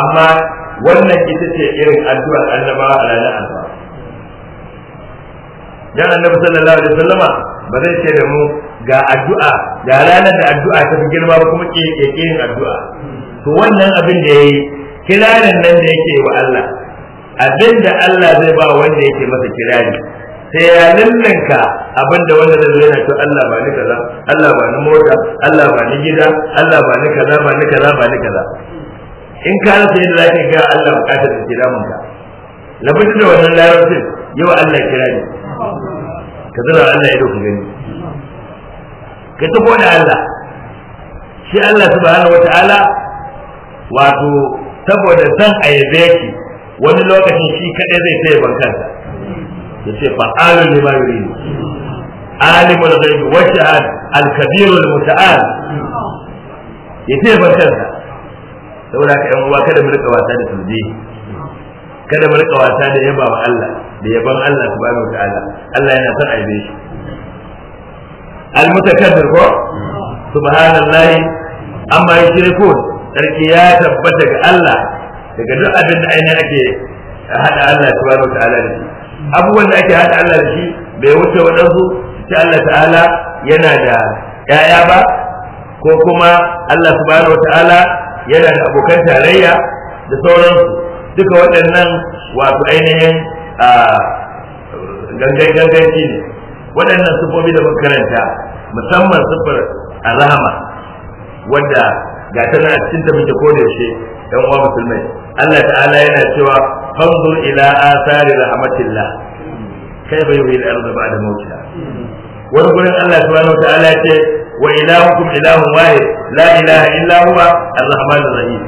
amma wannan ita ce irin addu'ar annabawa a ranar annabawa dan annabi sallallahu alaihi wasallama ba zai ce da mu ga addu'a ga ranar da addu'a ta fi girma ba kuma ke ke addu'a to wannan abin da yayi kirarin nan da yake wa Allah abin da Allah zai ba wanda yake masa kirari sai ya lallanka abin da wanda zai yana to Allah ba ni kaza Allah ba ni mota Allah ba ni gida Allah ba ni kaza ba ni kaza ba ni kaza in ka rasa yadda za ka ga Allah bukatar da kira mun ka labar da wannan larabcin wa Allah kira ka zira Allah ido ka gani ka ta da Allah shi Allah subhanahu ta'ala wato saboda zan ayyabe ki wani lokacin shi kaɗai zai taya bankanta ya ce fa alu ne ma yuri alimul ghaibi wa shahad al kabirul muta'al ya taya bankanta saboda ka yan uwa kada mu rika wasa da tuje kada mu rika wasa da yaba wa Allah da yaban Allah subhanahu wataala Allah Allah yana son aibe shi al mutakabbir ko subhanallahi amma yushrikun sarki ya tabbata ga Allah daga duk abin da ainihin ake hada Allah subhanahu wa ta'ala da shi abubuwan da ake hada Allah da shi bai wuce waɗansu sai Allah ta'ala yana da 'ya'ya ba ko kuma Allah subhanahu wa ta'ala yana da abokan tarayya da sauransu duka waɗannan wato ainihin gangan shi ne waɗannan sufofi da makaranta musamman sufar rahama wadda ga ta nan cikin ta muke koda yaushe yan uwa musulmai Allah ta'ala yana cewa fanzur ila asari rahmatillah kaifa yuhyi al-ard ba'da mawtiha wani gurin Allah subhanahu ta'ala ya ce wa ilahukum ilahun waye? la ilaha illa huwa ar-rahman ar-rahim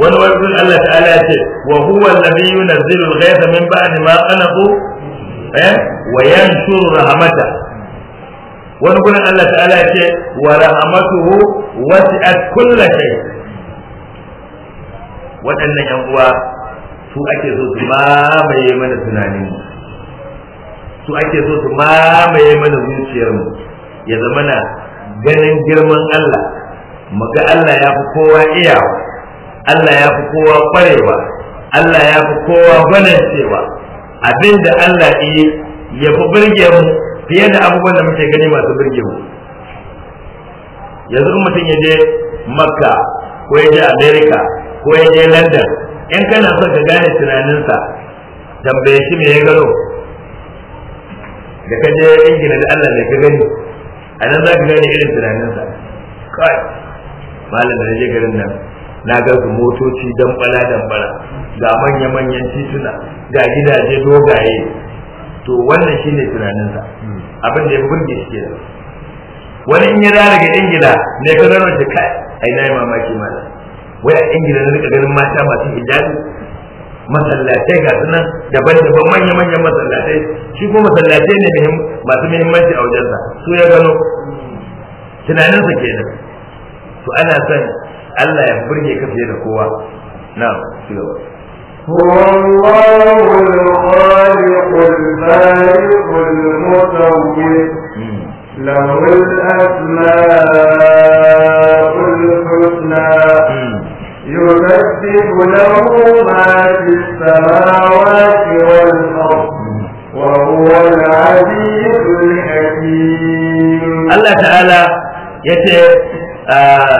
wani gurin Allah ta'ala ya ce wa huwa alladhi yunzilu al-ghaytha min ba'di ma qanatu eh wa yanshuru rahmatahu wani gurin Allah ta'ala ya ce wa rahamatuhu wasi'at kulli shay waɗannan yan uwa su ake so su mamaye mana tunanin su ake so su mamaye mana zuciyar mu ya na ganin girman Allah Maka Allah ya fi kowa iyawa Allah ya fi kowa kwarewa Allah ya fi kowa gwanin cewa abinda Allah yi ya fi birge mu fiye da abubuwan da muke gani masu birge mu yanzu in mutum ya je makka ko ya je america ko ya je london in kana son ka gane tunaninsa tambaye shi me ya gano da ka je ingila da allah ne ka gani a nan za ka gane irin tunaninsa kai malam da je garin nan na ga su motoci dambala bala, ga manya-manyan tituna ga gidaje dogaye to wannan shine tunaninsa abin da ya fi burge shi kenan wani in ya da daga ingila ne ka zama shi kai ai na yi mamaki mana wai a ingila na rika ganin mata masu hijabi masallatai ga sunan daban-daban manya-manyan masallatai shi ko masallatai ne masu muhimmanci a wajensa su ya gano tunaninsa kenan to ana son Allah ya burge ka fiye da kowa na ci gaba هو الله الخالق البارئ المصور له الأسماء الحسنى يسبح له ما في السماوات والأرض وهو العزيز الحكيم الله تعالى يتي آه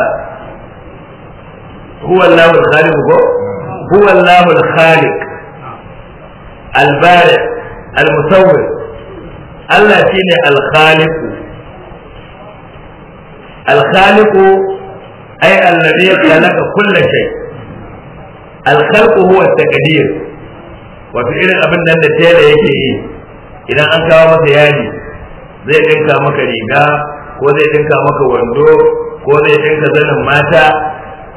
هو الله الخالق هو الله الخالق البارئ المصور الله شيني الخالق الخالق أي الذي خلق كل شيء الخلق هو التقدير wato irin abin nan da tela yake yi idan an kawo maka yadi zai ɗinka maka riga ko zai ɗinka maka wando ko zai ɗinka zanin mata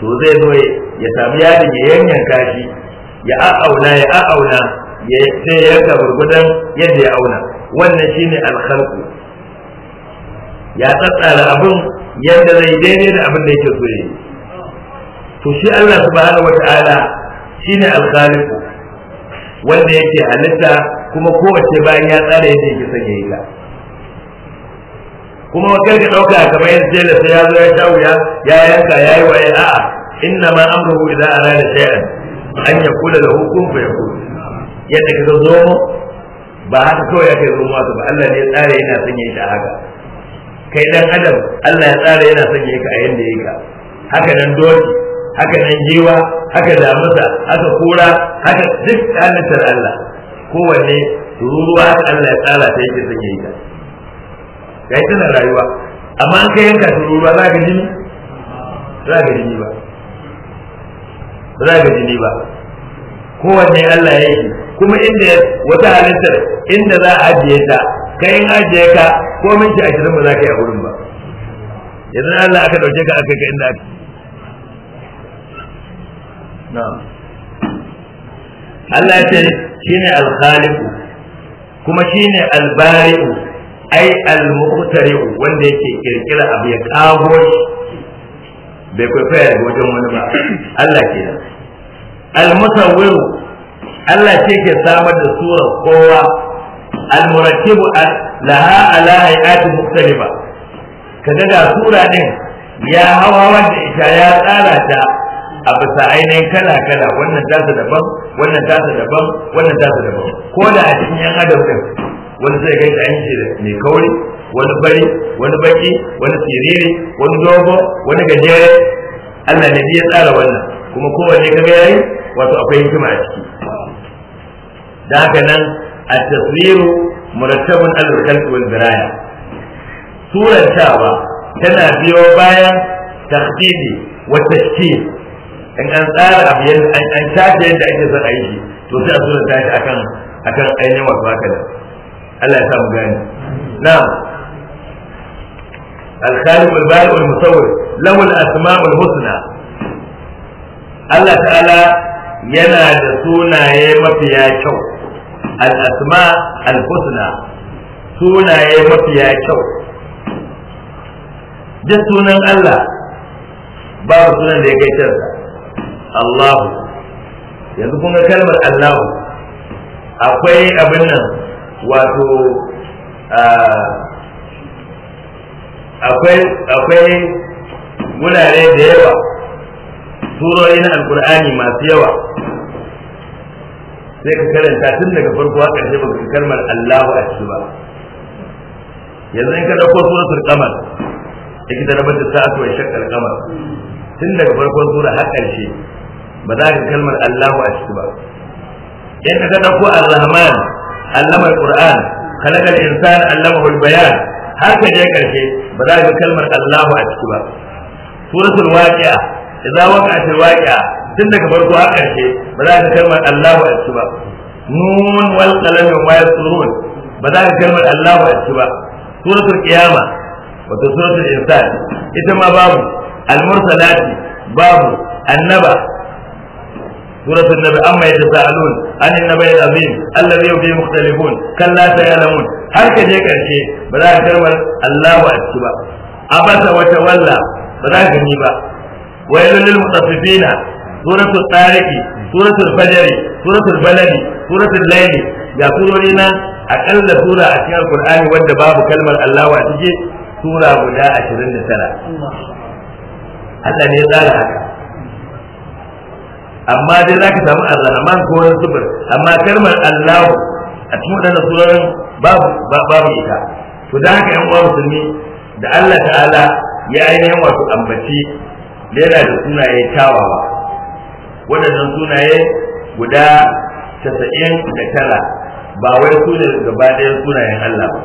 to zai zo ya samu yadin ya yanyan kashi ya a'auna ya a'auna ya sai ya ga gurgudan yadda ya auna wannan shine alkhalqu ya tsatsara abin yadda zai daidai da abin da yake so yi to shi Allah subhanahu wataala shine alkhaliqu wanda yake halitta kuma kowace bayan ya tsara yadda yake son yayi kuma wakar ka dauka kamar yadda sai ya zo ya sha wuya ya yanka yayi waye a'a inna ma amruhu idza arada shay'an an yakula lahu kun fayakun yadda kaga zo ba haka kawai aka yi zuwa ba Allah ne ya tsara yana son yayi ta haka kai dan adam Allah ya tsara yana son yayi ka a yanda yake ka haka nan doki haka nan jiwa haka damusa haka kura haka duk halittar Allah kowanne ruruwa Allah ya tsara ta yake son yayi ka kai tana rayuwa amma an kai yanka ruwa za ka ji za ka jini ba ba za ka jini ba kowanne Allah ya yi kuma inda wata halittar inda za a ajiye ta ka in ajiye ka ko minti ashirin ba za ka yi a wurin ba yanzu Allah aka dauke ka aka ka inda aka Allah ya ce shine al-khaliqu kuma shi al albari'u ai al wanda yake kirkira abu ya kawo shi bai kwaikwaya da wajen wani ba Allah ke nan almusawiru Allah ce ke samar da sura kowa almurakibu laha ala hayati mukhtalifa kaga ga sura din ya hawa wanda ita ya tsara ta a bisa ainihin kala kala wannan tasa daban wannan tasa daban wannan tasa daban ko da a cikin yan adam din wani zai gaita an shi da mai kauri wani bari wani baki wani siriri wani dogo wani gajere Allah ne ya tsara wannan kuma kowanne kaga yayi wato akwai hikima a ciki da haka nan at-taswiru murattabun al-khalq wal diraya tawa tana biyo bayan tahdidi wa tashkil in an tsara abu an an tafi yadda ake son a yi to sai a suranta shi akan akan ainihin wasu haka Allah ya sa mu gane na'am الخالق البارئ المصور له الأسماء الحسنى الله تعالى yana da sunaye mafiya kyau al'asma al-husna sunaye mafiya kyau duk sunan Allah babu sunan da ya kai kansa Allahu yanzu kun ga Allahu akwai abin nan wato akwai akwai wurare da yawa surori na alkur'ani masu yawa sai ka karanta tun daga farko har ƙarshe baka kalmar Allahu a ciki ba yanzu in ka dauko suratul qamar yake da rabata sa'atu wa shaqqal qamar tun daga farkon sura har ƙarshe ba za ka kalmar Allahu a ciki ba in ka dauko ar-rahman allama al-qur'an khalaqa al-insana allamahu al-bayan har ka je ƙarshe ba za a ga kalmar Allahu a ciki ba suratul waqi'a idza waqa'atil waqi'a tun daga farko a ƙarshe ba za a ga kalmar Allahu a ciki ba nun wal qalami wa yasurun ba za a ga kalmar Allahu a ciki ba suratul qiyama wato suratul insan ita ma babu al mursalati babu annaba سورة النبي أما يتساءلون عن النبي العظيم الذي فيه مختلفون كلا سيعلمون هل كذلك الشيء بلا كرمل الله أتبع عبس وتولى بلا كنيبا ويل للمتصفين سورة الطارق سورة الفجر سورة البلد سورة الليل يا سورينا أقل سورة أشياء القرآن ود باب كلمة الله أتجي سورة guda ashirin da tara Allah ne ya tsara haka amma dai za ka samu ar ko wani sufur amma kalmar Allah a cikin waɗannan surorin babu ita to da haka yan uwa musulmi da Allah ta'ala ya yan wasu ambaci lera da sunaye kyawawa waɗannan sunaye guda casa'in da tara ba wai su ne gaba ɗaya sunayen Allah ba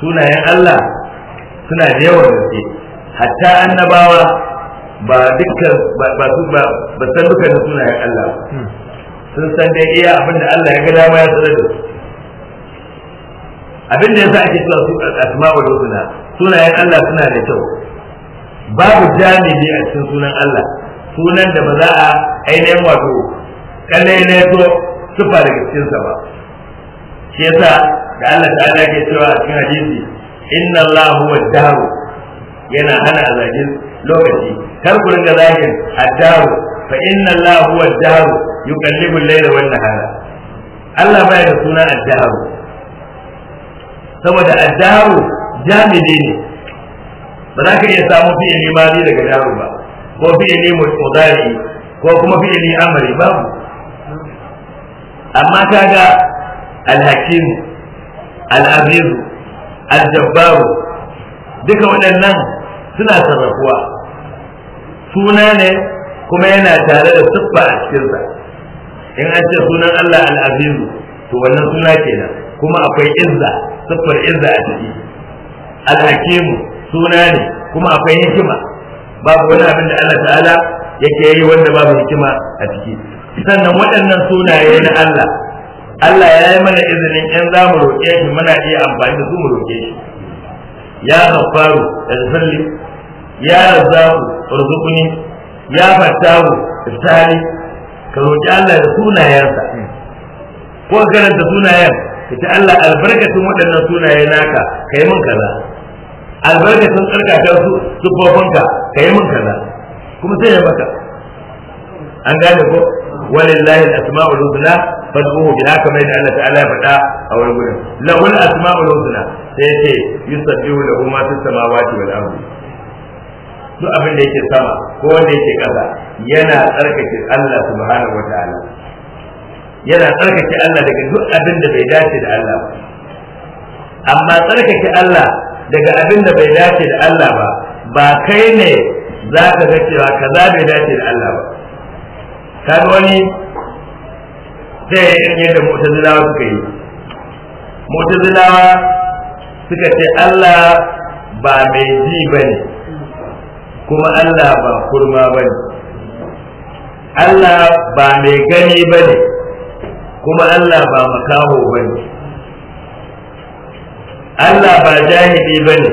sunayen Allah suna da yawan gaske hatta annabawa ba dukkan ba su ba ba san dukkan sunayen Allah hmm. sun san dai iya abin da Allah ya ga dama ya tsare da abin da yasa ake cewa su wa husna sunayen Allah suna da kyau babu jami'i a cikin sunan Allah sunan da ba za a ainihin wato kallai ne to sufa daga cikin sa ba shi yasa da Allah ta'ala ke cewa a cikin hadisi inna Allah huwa daru yana hana zagin lokaci kar ku ringa zakin addaru fa inna Allah huwa addaru yuqallibu al-layla wan nahara Allah baya da suna addaru saboda addaru jami'i ne ba za ka iya samu fi'ili mali daga daru ba ko fiye fi'ili mudari ko kuma fiye fi'ili amri ba. amma kaga al-hakim al-aziz al-jabbar duka waɗannan suna sarrafuwa suna ne kuma yana tare da siffa a cikinsa in an ce sunan Allah al'azizu to wannan suna kenan kuma akwai izza siffar izza a ciki alhakimu suna ne kuma akwai hikima babu wani abin da Allah ta'ala yake yi wanda babu hikima a ciki sannan waɗannan sunaye na Allah Allah ya yi mana izinin in za mu roƙe shi muna iya amfani da su mu roƙe shi ya gafaru da zalli ya razzaku rukuni ya fattahu istali ka roki Allah da sunayensa ko karanta sunayen ka ce Allah albarkatun waɗannan sunaye naka ka yi min kaza albarkatun tsarkakar su sufofinka ka yi min kaza kuma sai ya maka an gane ko walillahi al-asma'ul husna fad'uhu haka mai da Allah ta'ala ya faɗa a wani gurin lahul asma'ul husna sai ya ce yusabbihu lahu ma fis samawati wal ardi duk abin da yake sama ko wanda yake ƙasa yana tsarkake Allah subhanahu wataala yana tsarkake Allah daga duk abin da bai dace da Allah ba amma tsarkake Allah daga abin da bai dace da Allah ba ba kai ne za ka ga cewa kaza bai dace da Allah ba ka wani zai yi da yadda mutazilawa suka yi mutazilawa suka ce Allah ba mai ji ba ne kuma Allah ba kurma ba ne Allah ba mai gani ba ne kuma Allah ba makaho ba ne Allah ba jahili ba ne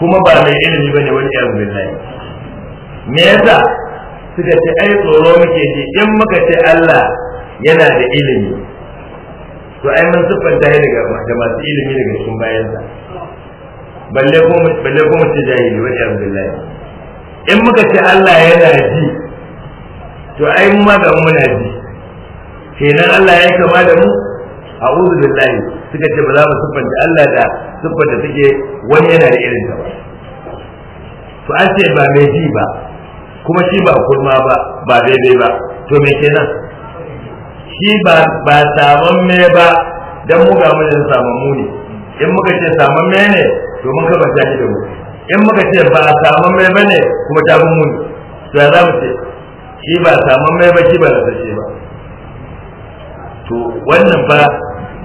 kuma ba mai ilimi ba ne wani yawon billahi me yasa suka ce ai tsoro muke ji in muka ce Allah yana da ilimi to ai mun siffanta shi daga da masu ilimi daga cikin bayansa balle ko balle ko mutum jahili wani yawon in muka ce Allah yana ji to ai mu ma ga muna ji kenan Allah ya kama da mu a'udhu billahi suka ce ba za mu siffanta Allah da siffanta take wani yana da irin ta ba to an ce ba mai ji ba kuma shi ba kurma ba ba daidai ba to me kenan shi ba ba saman me ba dan mu ga mun samun mu ne in muka ce saman me ne to mun ka ba shi da mu in muka ce ba a samun mai ba ne kuma ta bin muni to ya za mu ce shi ba a samun mai ba shi ba da sashe ba to wannan ba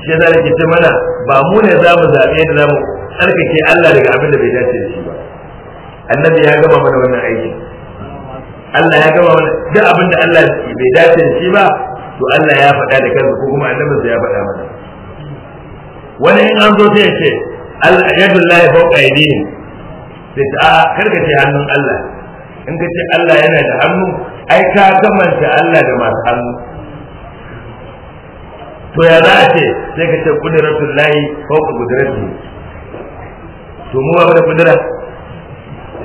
shi za ke ce mana ba mu ne za mu zaɓe da za mu tsarkake Allah daga abin da bai dace da shi ba annabi ya gama mana wannan aiki Allah ya gama mana duk abin da Allah bai dace da shi ba to Allah ya faɗa da kansa ko kuma Annabi ya faɗa mana wani in an zo sai ya ce yadda Allah ya fauka aidihim sai ta karkace ce hannun Allah in ka ce Allah yana da hannu ai ka kamanta Allah da masu hannu to ya za a ce sai ka ce kudiratun layi ko ka kudiratun to mu ba da kudira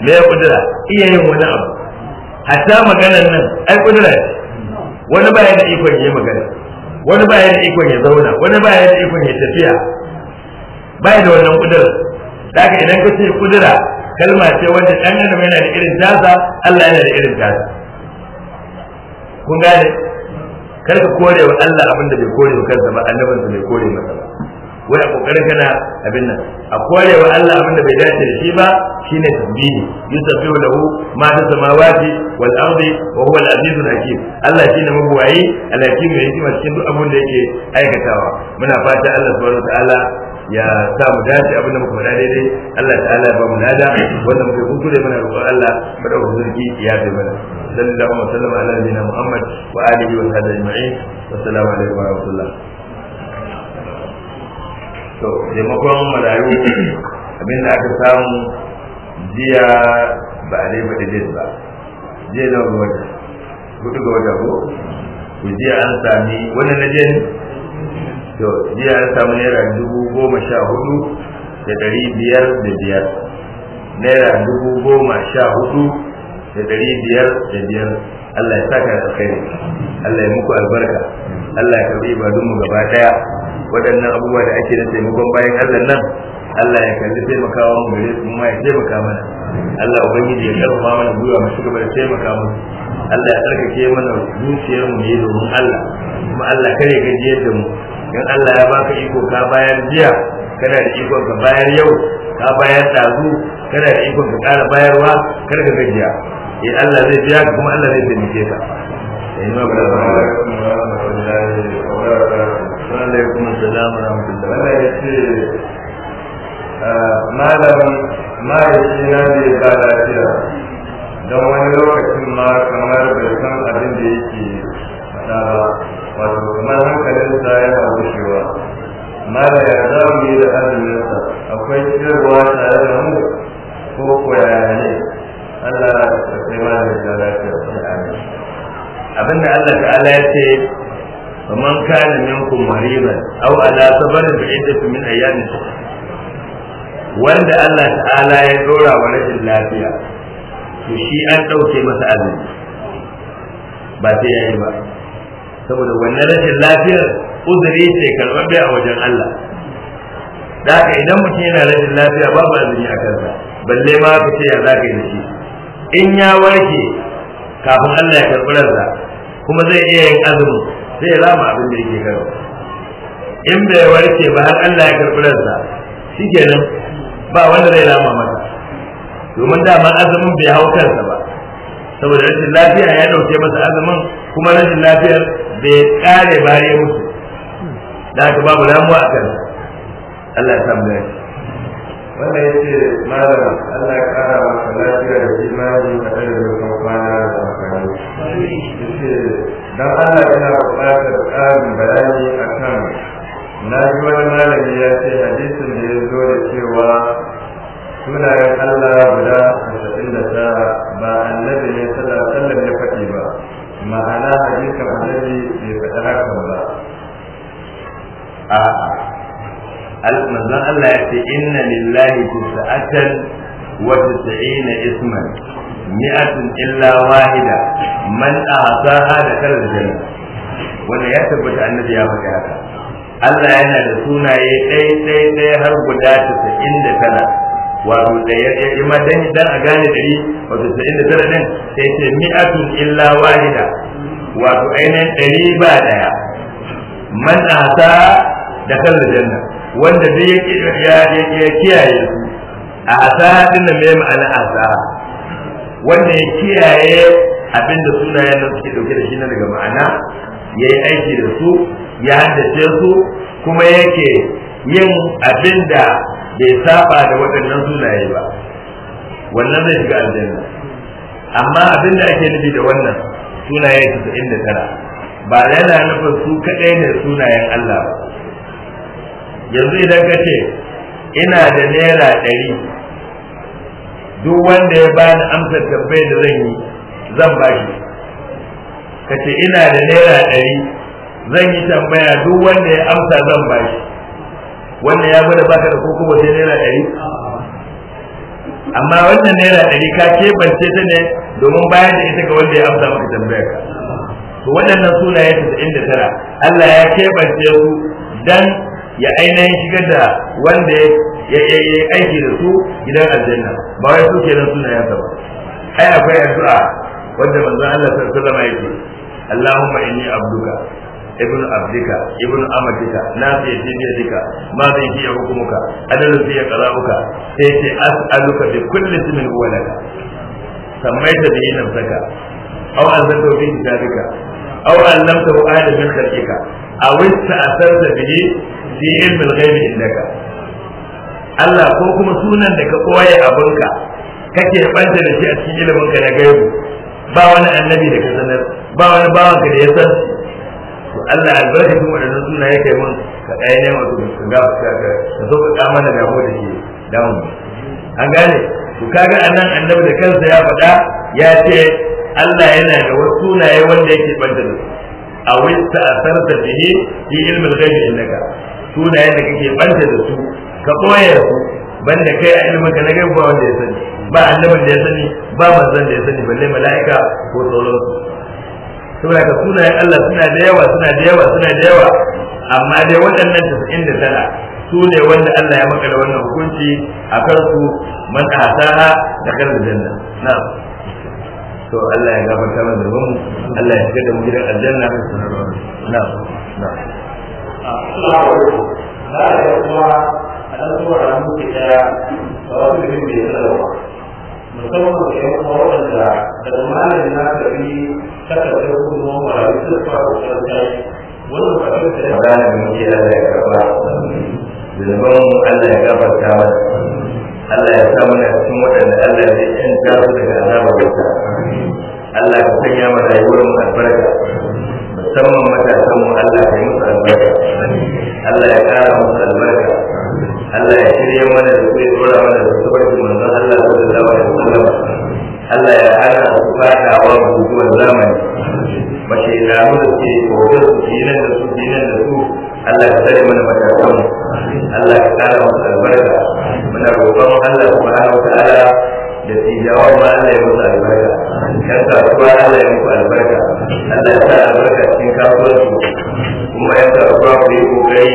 me ya kudira iya yin wani abu ta maganar nan ai kudira ce wani baya da ikon yi magana wani baya da ikon ya zauna wani baya da ikon ya tafiya baya da wannan kudira da idan ka ce kudira kalma ce wanda dan adam yana da irin tasa Allah yana da irin tasa kun gane kar ka kore wa Allah abin da bai kore wa kansa ba annabin sa bai kore masa ba wai a kokarin kana abin nan a kore wa Allah abin da bai dace da shi ba shine tasbihi yusabbihu lahu ma fi samawati wal ardi wa huwa al azizul hakim Allah shine mabuwayi al hakim ya yi cikin duk abin da yake aikatawa muna fata Allah subhanahu wa ta'ala ya sa mu dace abin da muka faɗa daidai Allah ta'ala ba mu nada wanda muka hutu da mana roƙon Allah ba da zurfi ya bi mana sallallahu alaihi wa sallam ala nabiyina Muhammad wa alihi wa sahbihi ajma'in wassalamu alaikum wa rahmatullah to taimakon malayu abin da aka samu jiya ba a dai ba daidai ba jiya na wata hudu ga wata ko ku jiya an sami wannan na jiya to jiya an samu naira dubu goma sha hudu da dari biyar da biyar naira dubu goma sha hudu da dari biyar da biyar Allah ya saka da ne. Allah ya muku albarka Allah ya karbi mu gaba daya waɗannan abubuwa da ake na taimakon bayan Allah nan Allah ya kalli taimakawa mu gare su ma ya taimaka mana Allah ubangiji ya karfafa mana gwiwa mu shiga da taimaka mu Allah ya tsarkake mana zuciyar mu ne domin Allah kuma Allah kare gajiyar da mu in Allah ya baka iko ka bayar jiya kana da iko ka bayar yau ka bayar dazu kana da iko ka ƙara bayarwa kar ka gajiya eh Allah zai biya ka kuma Allah zai taimake ka eh ma ba salam wa Allah ya ce ah, malam ma ya ce na ne ba lafiya don wani lokacin ma kamar bai san abin da yake faɗa ba wato kamar hankalinsa yana gushewa mala ya za mu yi da azuminsa akwai ciyarwa tare da mu ko koyaya ne Allah ya kai ma da ta lafiya abinda Allah ta'ala ya ce faman kana minkum mariban aw ala sabarin bi iddatin min ayyamin wanda Allah ta'ala ya dora wa rashin lafiya to shi an dauke masa azumi ba sai yayi ba saboda wannan rashin lafiyar uzuri ce karɓaɓɓe a wajen Allah da haka idan mutum yana rashin lafiya babu azumi a kansa balle ma ka ce ya zaka yi da shi in ya warke kafin Allah ya karɓi ransa kuma zai iya yin azumi zai rama abin da yake karo in bai warke ba har Allah ya karɓi ransa shikenan ba wanda zai rama masa domin dama azumin bai hau kansa ba saboda rashin lafiya ya dauke masa azumin kuma rashin lafiyar bai kare ba ya mutu da haka babu ramuwa a kansa Allah ya samu lafiya wanda ya ce malam Allah ya kara maka lafiya da imani a ɗaya da kwana da amfani ya ce don Allah yana saha da karar jini wanda ya tabbata annabi ya faɗi haka Allah yana da sunaye ɗaya ɗaya ɗaya har guda tasa'in da tara wato da ya yi madan dan a gane dari wato tasa'in da tara ɗin sai ce mi'atun illa wahida wato ainihin ɗari ba ɗaya man asa da karar janna wanda zai ya kiyaye su a asa ɗin da mai ma'ana asa wanda ya kiyaye abinda sunayen nan suke dauke da shi na daga ma'ana ya yi aiki da su ya haddace su kuma yake yin abinda bai saba da waɗannan sunaye ba wannan zai shiga aljanna amma abinda ake nufi da wannan sunaye tara. ba yana nufin su kaɗai ne sunayen Allah ba yanzu idan ka ce ina da naira ɗari duk wanda ya bani amsar tambayar da zan yi zan ba shi ka ce ina da naira ɗari zan yi tambaya duk wanda ya amsa zan ba shi wanda ya gwada baka da koko sai naira ɗari amma wannan naira ɗari ka keɓance ta ne domin bayar da ita ga wanda ya amsa maka tambayar ka to waɗannan sunaye tasa'in da tara Allah ya keɓance su dan ya ainihin shigar da wanda ya aiki da su gidan aljanna ba wai su kenan sunayen sa ba ai akwai a wanda manzo Allah sallallahu alaihi wasallam yake Allahumma inni abduka ابن عبدك ابن امتك نافع في بيدك ماذا في حكمك عدل في قضاؤك سيتي اسالك بكل اسم هو لك سميت به نفسك او انزلته في كتابك او علمته احد من خلقك او استاثرت به في علم الغيب عندك Allah ko kuma sunan da ka koya abinka kake banta da shi a cikin ilimin ka na gaibu ba wani annabi da ka sanar ba wani bawan ka da ya san to Allah albarkacin waɗannan suna ya kai mun ka ɗaya ne wato ka ga ka ka zo ka kama da damu da ke damu an gane to kaga annan annabi da kansa ya faɗa ya ce Allah yana da wasu sunaye wanda yake banta da su a wista a sarta bihi fi ilmin gaibi innaka sunayen da kake banta da su ka ɓoye su banda kai a ilimin ka na gaba ba wanda ya sani ba annabin da ya sani ba manzon da ya sani balle mala'ika ko su saboda ka sunayen Allah suna da yawa suna da yawa suna da yawa amma dai waɗannan tasa'in da tana su ne wanda Allah ya maka da wannan hukunci a kansu man ahsaha da kan aljanna na to Allah ya gafarta mana da mu Allah ya shiga da mu gidan aljanna na Na na na na na na a ɗan zuwa ranar ba wasu da bai sanarwa musamman da ya kuma waɗanda daga malamin na tafi takardar kuma marayu da suka kokarin tashi wannan kafin da ya bayan da muke da ya karɓa zunuban Allah ya gafarta mana Allah ya sa mana cikin waɗanda Allah ya canta daga azabar wuta Allah ya sanya mana rayuwar albarka musamman matasan mu Allah ya yi musu albarka Allah ya kara musu albarka Allah ya shirya mana da kuma dora mana da tabbacin manzon Allah sallallahu alaihi wasallam Allah ya hana su fada wa guguwar zamani mace da mu da ke hoto su dinan da su dinan da su Allah ya tsare mana matakan mu Allah ya kara mu albarka muna roƙon Allah subhanahu ta'ala da tijawa ma Allah ya musu albarka kan kasuwa Allah ya musu albarka Allah ya sa albarka cikin kasuwanci kuma ya sa ku yi kokari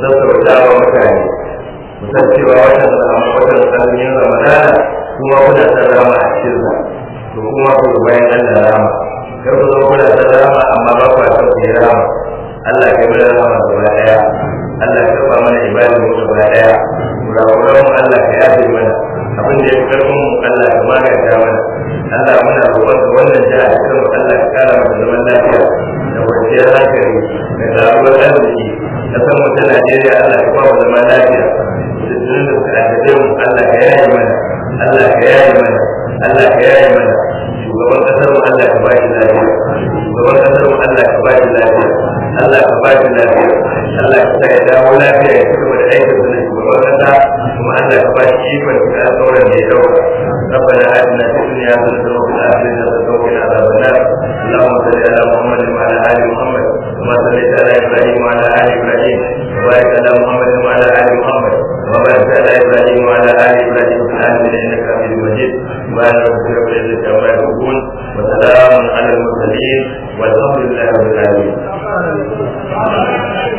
sassauta wa mutane musan cewa watan watan azumin ramadana kuma kuna ta zama a cikin sa to kuma ku bayan Allah rama kar ku zama kuna san rama amma ba ku san ke rama Allah kai mana rama gaba daya Allah ya ba mana ibadar mu gaba daya kurakuran mu Allah ka yafe mana abin da ya fi karfin mu Allah ka maganta mana Allah muna roƙon ka wannan jiha da kanmu Allah ka kara mata zaman lafiya da kwanciyar hankali da zaɓuwar arziki na san mu Najeriya Allah ya ba mu zaman lafiya da ka da suka Allah ka mana Allah ka yi mana Allah ka yi mana shugaban kasar mu Allah ka ba shi lafiya shugaban kasar mu Allah ka ba shi lafiya Allah ka ba shi lafiya Allah ka lafiya ya da aikin sa shugaban kasa kuma Allah ka ba shi ikon da اللهم صل على محمد وعلى محمد كما صليت على وعلى وبارك على محمد وعلى محمد وبارك على إبراهيم وعلى آل إبراهيم في العالمين إنك حميد مجيد سبحان ربك رب العزة عما يصفون وسلام على المرسلين والحمد لله رب العالمين